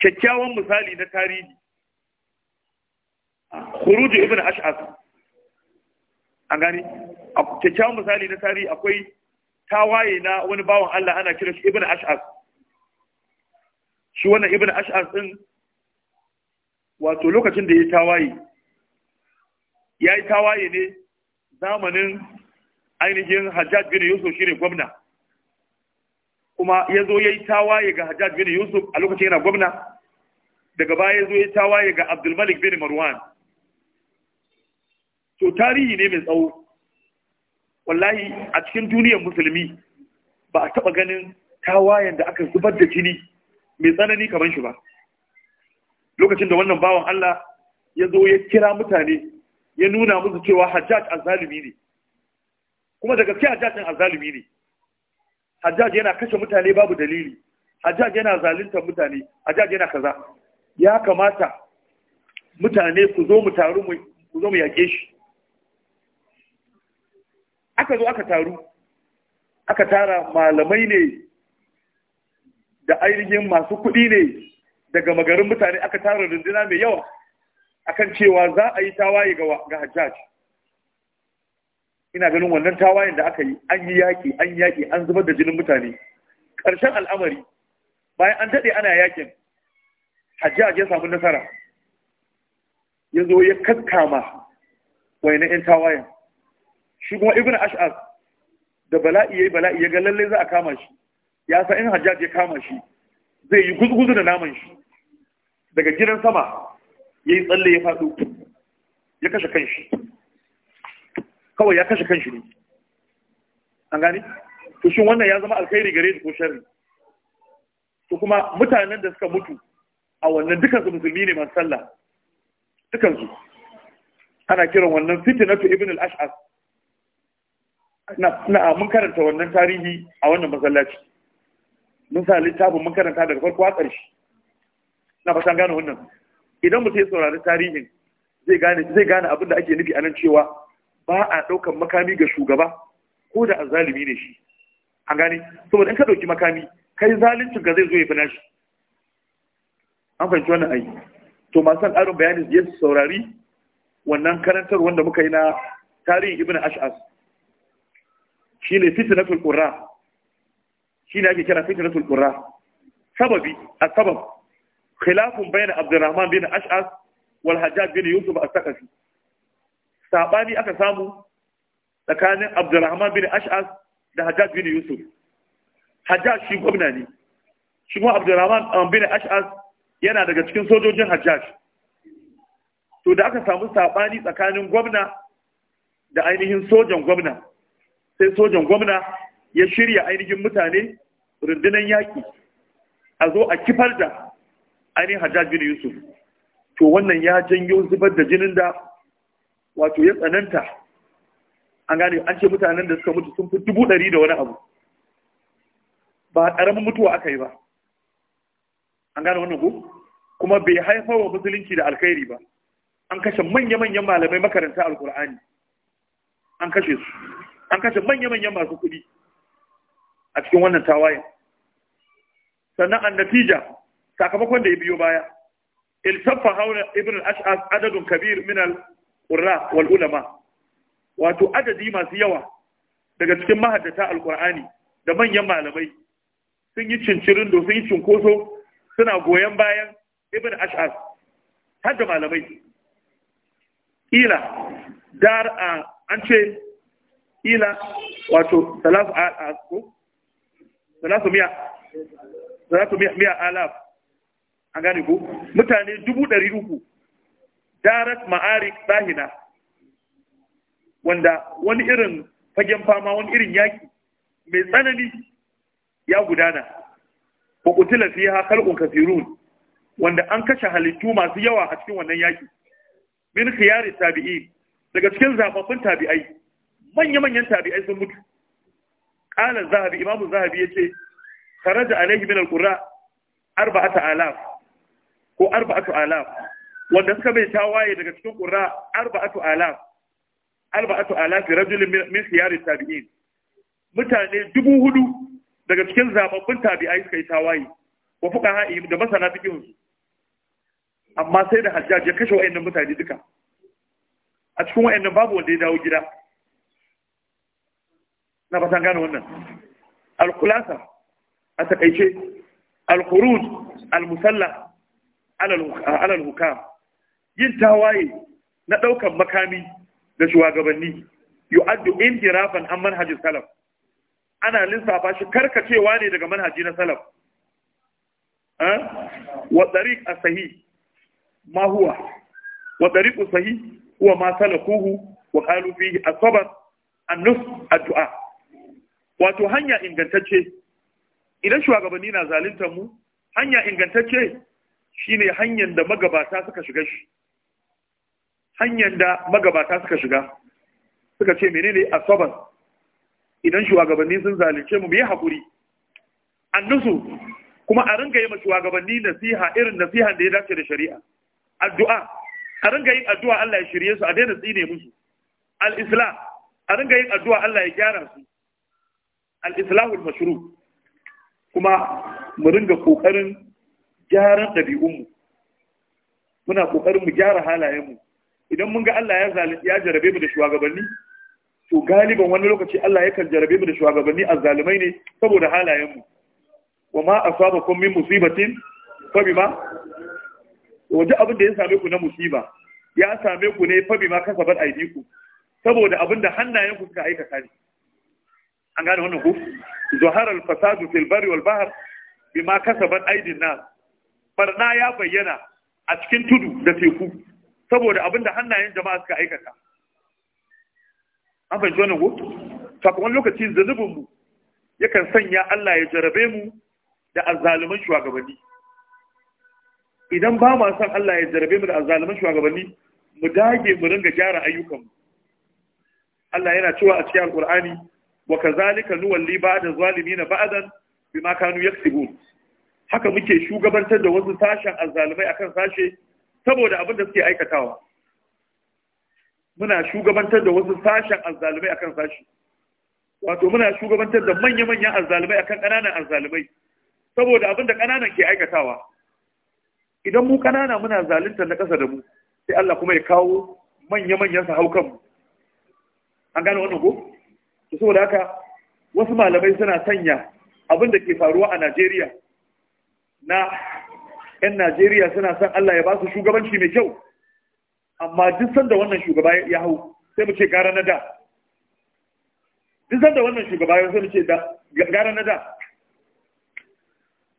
kyakkyawan misali na tarihi khuruj ibn Ash'as, an gani kyakkyawan misali na tarihi akwai tawaye na wani bawan Allah ana kira shi ibn Ash'as. shi wannan ibn Ash'as din wato lokacin da ya yi tawaye ya yi tawaye ne zamanin ainihin hajjaj bin yusuf shine gwamna kuma ya zo ya yi tawaye ga hajjaj bin yusuf a lokacin yana gwamna daga baya ya zo ya yi tawaye ga abdulmalik bin marwan to tarihi ne mai tsawo wallahi a cikin duniyar musulmi ba a taɓa ganin tawayen da aka zubar da jini mai tsanani kamar shi ba lokacin da wannan bawan Allah ya zo ya kira mutane ya nuna musu cewa hajjaj azalimi ne kuma da gaske hajjaj ɗin azalimi ne hajjaj yana kashe mutane babu dalili hajjaj yana zaluntar mutane hajjaj yana kaza ya kamata mutane ku zo mu taru mu zo mu yaƙe shi aka zo aka taru aka tara malamai ne da ainihin masu kuɗi ne daga magarin mutane aka tara runduna mai yawa kan cewa za a yi tawaye ga hajjaj ina ganin wannan tawayen da aka yi an yi yaƙi an yi yaƙi an zubar da jinin mutane ƙarshen al'amari bayan an daɗe ana yaƙin hajjaj ya samu nasara ya zo ya kakkama wai 'yan tawayen shi kuma ibn ash'ar da bala'i ya yi bala'i ya ga lallai za a kama shi ya sa in hajjaj ya kama shi zai yi guzu da naman shi daga gidan sama ya yi tsalle ya faɗo ya kashe kanshi kawai ya kashe kanshi ne an gani to shin wannan ya zama alkhairi gare da ko shari? to kuma mutanen da suka mutu a wannan dukansu musulmi ne masu sallah dukansu ana kiran wannan fitinatu ibn al-ash'as na mun karanta wannan tarihi a wannan masallaci mun sa littafin mun karanta daga farko a ƙarshe na fatan gane wannan idan mutum ya saurari tarihin zai gane zai gane abin da ake nufi a nan cewa ba a ɗaukan makami ga shugaba ko da azalimi ne shi an gane saboda in ka ɗauki makami kai zaluncin ka zai zo ya fi nashi an fahimci wannan ai to masu san ƙarin bayani su je su saurari wannan karantar wanda muka yi na tarihin ibn ash'as shine fitnatul qurra shi ne ake kira fitnatul qurra sababi asbab khilafun bayna abdurrahman bin ash'as wal hajjaj bin yusuf as-saqafi sabani aka samu tsakanin abdurrahman bin ash'as da hajjaj bin yusuf hajjaj shi gwamna ne shi kuma abdurrahman um, bin ash'as yana daga cikin sojojin hajjaj to da aka samu sabani tsakanin gwamna da ainihin sojan gwamna sai sojan gwamna ya shirya ainihin mutane rundunan yaƙi a zo a kifar da ainihin hajjaj bin yusuf to wannan ya janyo zubar da jinin da wato ya tsananta an gane an ce mutanen da suka mutu sun fi dubu ɗari da wani abu ba ƙaramin mutuwa aka yi ba an gane wannan ku? kuma bai haifar wa musulunci da alkhairi ba an kashe manya-manyan malamai makaranta alkur'ani an kashe su an kashe manya-manyan masu kuɗi a cikin wannan tawayen sannan an natija sakamakon da ya biyo baya iltaffa hauna ibn al-ash'as adadun kabir min al-qurra wal ulama wato adadi masu yawa daga cikin mahaddata al-qur'ani da manyan malamai sun yi cincirin da sun yi cinkoso suna goyon bayan ibn ash'as har da malamai ila dar an ce ila wato salaf al-asqu salatu miya salatu miya alaf an gane ko mutane dubu ɗari uku darat ma'arik ɗahina wanda wani irin fagen fama wani irin yaki mai tsanani ya gudana wa kutila fiha khalqun kathirun wanda an kashe halittu masu yawa a cikin wannan yaki min khiyari tabi'in daga cikin zababbun tabi'ai manya-manyan tabi'ai sun mutu kala zahabi imamu zahabi ya ce faraja alaihi min alƙura arba'atu alaf ko arba'atu alaf wanda suka bai tawaye daga cikin ƙura arba'atu alaf arba'atu alaf rajulin min khiyari tabi'in mutane dubu hudu daga cikin zababbin tabi'ai suka yi tawaye wa fuka ha'i da masana su, amma sai da hajjaj ya kashe wa'annan mutane duka a cikin wa'annan babu wanda ya dawo gida na fatan gane wannan alkulasa a takaice alkhuruj almusalla alal alhukam yin tawaye na daukan makami da shugabanni yu'addu injirafan an manhajin salaf ana lissafa shi karkacewa ne daga manhaji na salaf eh? wa tariq a sahi ma huwa wa tariq as-sahih huwa ma salakuhu wa qalu a as annus addu'a. wato hanya ingantacce idan shugabanni na zaluntar mu hanya ingantacce shine hanyar da magabata suka shiga shi hanyar da magabata suka shiga suka ce menene asaban idan shugabanni sun zalunce mu yi hakuri annusu kuma a ringa yi ma shugabanni nasiha irin nasihan da ya dace da shari'a addu'a a ringa yin addu'a Allah ya shirye su a daina tsine musu al-islam a ringa yin addu'a Allah ya gyara su al-islahul mashru kuma mu ringa kokarin gyaran ɗabi'unmu muna kokarin mu gyara halayenmu idan mun ga Allah ya jarabe mu da shugabanni to galiban wani lokaci Allah ya kan jarabe mu da shugabanni a zalimai ne saboda halayenmu wa ma kun min musibatin Fabi ma. waje abin da ya same ku na musiba ya same ku ne fabi ma kasabar aydiku saboda abin da hannayenku suka aikata ne an gane wannan ku zuhar al-fasadu fil barri wal bahr bima kasabat aydin nas barna ya bayyana a cikin tudu da teku saboda abinda hannayen jama'a suka aikata an fahimci wannan ku sakamakon lokaci zanubin mu yakan sanya Allah ya jarabe mu da azzaluman shugabanni idan ba ma san Allah ya jarabe mu da azzaluman shugabanni mu dage mu ringa gyara ayyukan mu Allah yana cewa a cikin Alƙur'ani wa kazalika nuwalli ba'da zalimina ba'dan bima kanu yaksibun haka muke shugabantar da wasu sashen azzalumai akan sashe saboda abin da suke aikatawa muna shugabantar da wasu sashen azzalumai akan sashe wato muna shugabantar da manya-manyan azzalumai akan ƙananan azzalumai saboda abin da ƙananan ke aikatawa idan mu ƙanana muna zalunta na ƙasa da mu sai Allah kuma ya kawo manya-manyan su hau kanmu an gane wannan ko to saboda haka wasu malamai suna sanya abin da ke faruwa a Najeriya na 'yan Najeriya suna san Allah ya ba su shugabanci mai kyau amma duk sanda wannan shugaba ya hau sai mu ce gara na da duk sanda wannan shugaba ya sai mu ce gara na da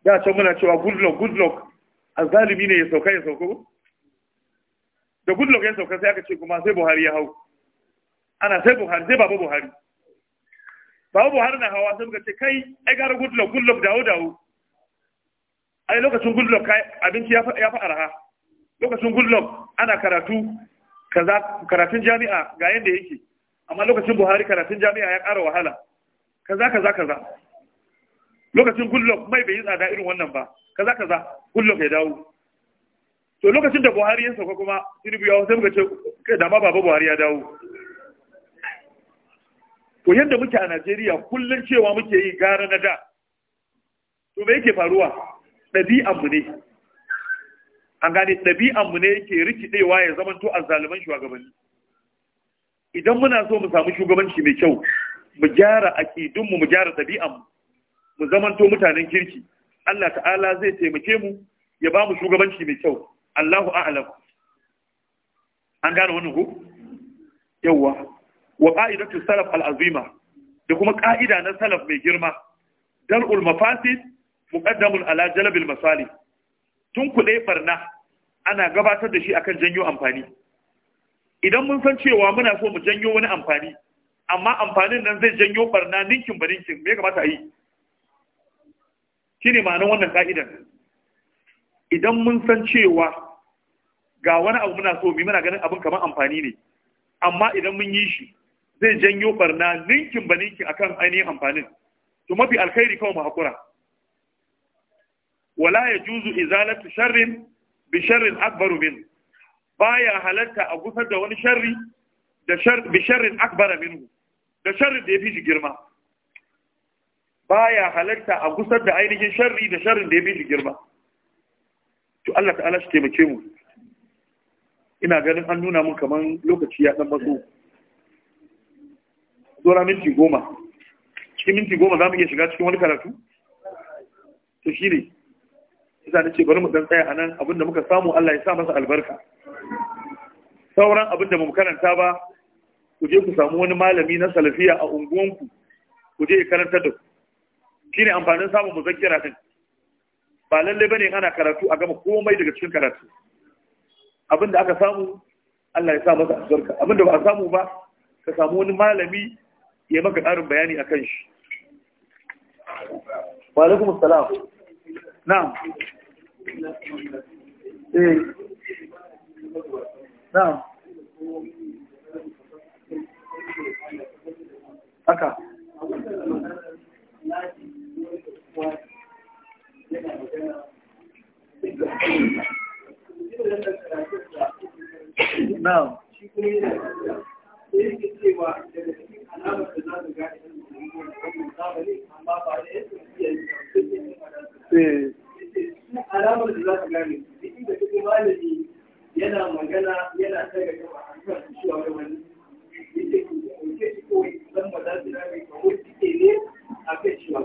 da can muna cewa good luck good luck a zalimi ne ya sauka ya sauka da good luck ya sauka sai aka ce kuma sai Buhari ya hau ana sai Buhari sai baba Buhari babu buhari na hawa sai muka ce kai ai gara goodluck goodluck dawo dawo ai lokacin goodluck kai abinci ya ya fa araha lokacin goodluck ana karatu kaza karatun jami'a ga yanda yake amma lokacin buhari karatun jami'a ya ƙara wahala kaza kaza kaza lokacin goodluck mai bai yi tsada irin wannan ba kaza kaza goodluck ya dawo to lokacin da buhari ya sauka kuma tinubu ya wasu muka ce da ma baba buhari ya dawo ko yadda muke a Najeriya kullum cewa muke yi gara na da to me yake faruwa ɗabi'anmu ne an gane ɗabi'anmu ne yake rikidewa ya zama to a zaluman shugabanni idan muna so mu samu shugabanci mai kyau mu gyara aƙidunmu mu gyara ɗabi'anmu mu zama to mutanen kirki Allah ta'ala zai taimake mu ya ba mu shugabanci mai kyau Allahu a'alam. an gane wannan ku? yawwa wa ƙa’idatu salaf al’azima da kuma ƙa'ida na salaf mai girma dan mafasid muƙaddamun ala jalabil masali tun kuɗe barna ana gabatar da shi akan janyo amfani idan mun san cewa muna so mu janyo wani amfani amma amfanin nan zai janyo barna ninkin ba ninkin me kamata a yi shine ma'anar wannan ƙa'idan. idan mun san cewa ga wani abu muna so mu muna ganin abin kamar amfani ne amma idan mun yi shi zai janyo barna ninkin ba ninkin akan ainihin amfanin to mafi alkhairi kawai mu hakura wala ya juzu izalatu sharrin bi sharrin akbaru min baya halatta a gusar da wani sharri da bi sharrin akbara minhu da sharrin da ya shi girma baya halatta a gusar da ainihin sharri da sharrin da ya shi girma to Allah ta'ala shi taimake mu ina ganin an nuna mun kaman lokaci ya dan matso tsora minti goma cikin minti goma za mu iya shiga cikin wani karatu to shi ne isa na ce bari mu dan tsaya a nan abinda muka samu Allah ya sa masa albarka sauran abinda mu karanta ba ku je ku samu wani malami na salafiya a unguwanku ku je ya karanta da ku shi ne amfanin samun muzakkira din ba lalle bane ana karatu a gama komai daga cikin karatu abinda aka samu Allah ya sa masa albarka abinda ba a samu ba ka samu wani malami ya maka ƙarin bayani a kan shi wa alaikum salam na'am eh na'am na'am sai yake daga cikin alamar da za su gane irin wannan zamani amma ba iya yi eh. alamar da za gane da yana magana yana tsaye da a zan gane ne a amma in ka magana a kan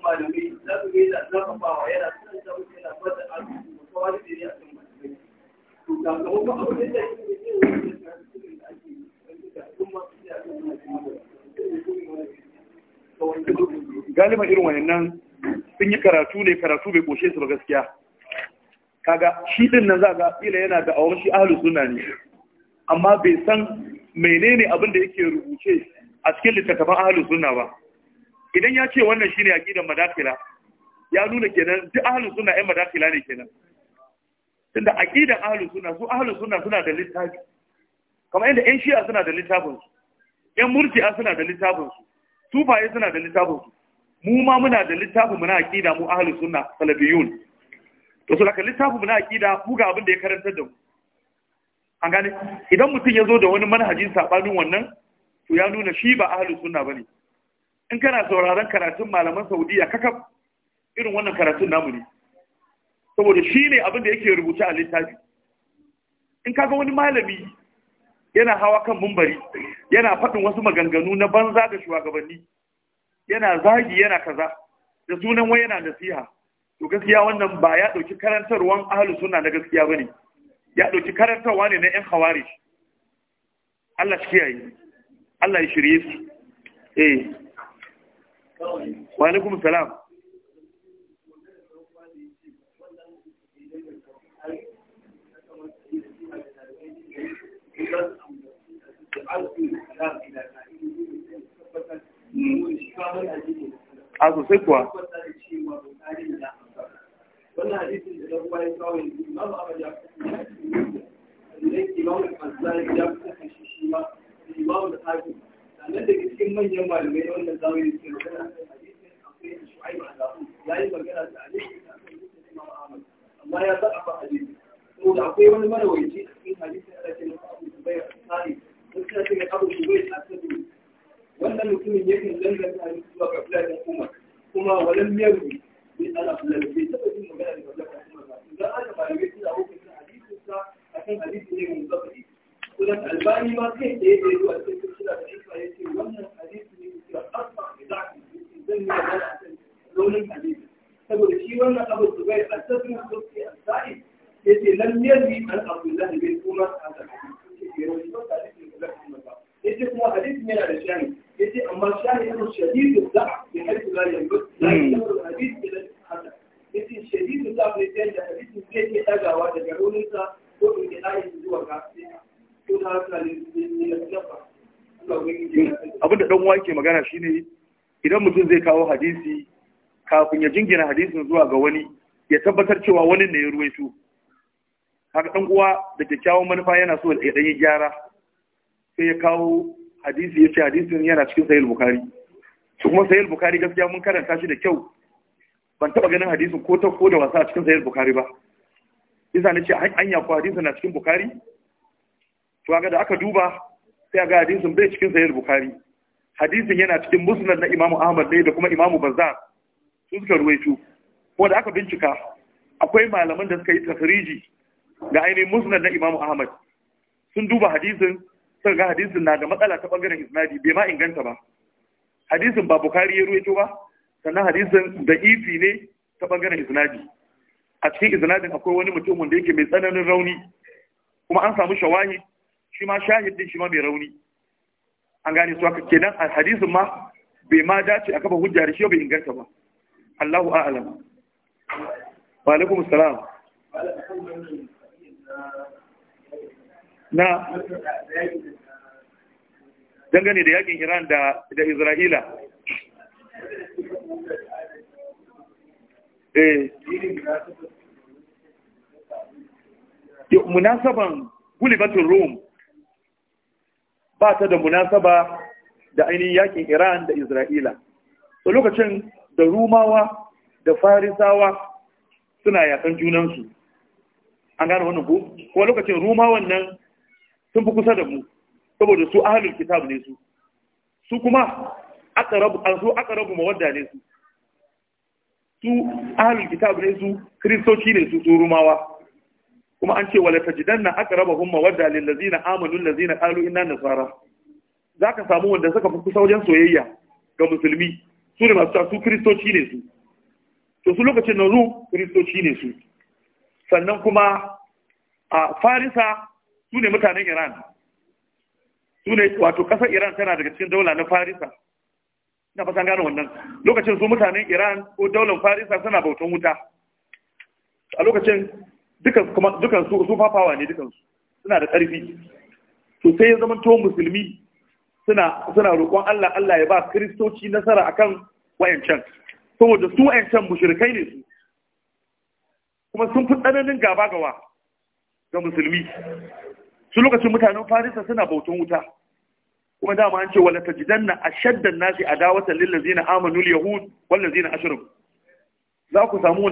malamai za su yana tsaye da wuce yana fata a kan da galiban irin wayannan sun yi karatu ne karatu bai koshe su ba gaskiya kaga shi din nan zaga ila yana da awon shi ahlus sunna ne amma bai san menene abin da yake rubuce a cikin littattafan ahlus sunna ba idan ya ce wannan shine aqidar madakila ya nuna kenan duk ahlus sunna ɗan madakila ne kenan tunda aqidar ahlus sunna su ahlus sunna suna da littafi kamar yadda ƴan shi'a suna da littafin su ƴan murji'a suna da littafin su sufaye suna da littafin su mu ma muna da littafin muna na aqida mu ahlus sunna salafiyun to so daga littafin muna na aqida mu ga abin da ya karantar da mu an gane idan mutum ya zo da wani manhajin sabanin wannan to ya nuna shi ba ahlus sunna bane in kana sauraron karatun malaman saudiya kakaf irin wannan karatun namu ne saboda shi ne abin da yake rubuta a littafi in ka ga wani malami yana hawa kan mumbari yana faɗin wasu maganganu na banza da shugabanni yana zagi yana kaza da sunan wai yana nasiha to gaskiya wannan ba ya ɗauki karantarwan ahlus sunna na gaskiya bane ya ɗauki karantarwa ne na yan hawari Allah shi kiyaye Allah ya shirye su eh wa alaikum salam Thank you. a sosai kuwa sannan da cikin manyan malamai na wannan zamani ke magana a hadisin akwai da shu'aibu ya yi magana da da amma ya akwai wani marawaici a cikin hadisin da ke masa abu zubair a tsari wasu na ce abu da a wannan mutumin ya yakan danganta ne zuwa ga filayen umar kuma walam yarwi min ala filayen bai taɓa jin magana da filayen umar ba idan aka malamai suna hukunta hadisinsa akan hadisi ne mun zafari kudan albani ma kai tsaye da zuwa cikin suna da ifa ya ce wannan hadisi ne da asma da za a yi zan yi magana a kan launin hadisi saboda shi wannan abu zubair a tasirin sosai a sa'in ya ce lam yi an abdullahi bai kuma a kan hadisi ya ce rauni ba ta da ke da kuma ba yace kuma hadisi yana da shani yace amma shani yana shadidu hmm. da bi hadisi la yanbu la yanbu hadisi ila hada yace shadidu da bi da hadisi zai ke dagawa daga raunin sa ko in ke dai zuwa ga ko ta haka ne ne nafa abin da dan wake magana shine idan mutum zai kawo hadisi kafin ya jingina hadisin zuwa ga wani ya tabbatar cewa wani ne ya ruwaito kaga dan uwa da kyakkyawan manufa yana so ya dan yi gyara sai ya kawo hadisi ya ce hadisin yana cikin sahih bukari. Su kuma sahih bukari gaskiya mun karanta shi da kyau ban taba ganin hadisin ko ta ko da wasa a cikin sahih bukari ba isa ne ce anya ko hadisin na cikin bukari? to ga da aka duba sai ga hadisin bai cikin sahih bukari hadisin yana cikin musnad na imamu ahmad ne da kuma imamu bazzar su suka ruwaito ko da aka bincika akwai malaman da suka yi tafriji ga ainihin musnad na imamu ahmad sun duba hadisin suka ga hadisin na da matsala ta bangaren isnadi bai ma inganta ba hadisin ba bukari ya ruwaito ba sannan hadisin da ifi ne ta bangaren isnadi a cikin isnadin akwai wani mutum wanda yake mai tsananin rauni kuma an samu shawahi shi ma shahid din shi ma mai rauni an gane su haka kenan a hadisin ma bai ma dace a kafa hujja da shi bai inganta ba Allahu a'lam wa alaikum assalam na dangane da yakin Iran da da Isra'ila eh munasaban gulibatul Rum ba ta da munasaba da ainihin yakin Iran da Isra'ila a lokacin da Rumawa da Farisawa suna yakan junansu an gane wannan ko ko lokacin Rumawan nan sun fi kusa da mu saboda su ahalin kitab ne su su kuma aqrabu an su ma mawadda ne su su ahalin kitab ne su kristoci ne su su rumawa kuma an ce wala tajidanna aqrabahum mawadda lil ladzina amanu lil ladzina qalu inna nasara zaka samu wanda suka fi kusa wajen soyayya ga musulmi su ne masu su kristoci ne su to su lokacin na ru kristoci ne su sannan kuma a farisa su ne mutanen iran su ne wato ƙasar iran tana daga cikin daula na farisa ina fasan gane wannan lokacin su mutanen iran ko daular farisa suna bautan wuta a lokacin dukan su su fafawa ne dukan su suna da ƙarfi to sai ya zama to musulmi suna suna roƙon Allah Allah ya ba kiristoci nasara akan wayancan saboda su wayancan mushrikai ne su kuma sun fi tsananin gaba gawa ga musulmi su lokacin mutanen farisa suna bautan wuta kuma dama an ce wala na ashaddan nasi adawatan lillazina amanu al yahud wal ladzina za ku samu wanda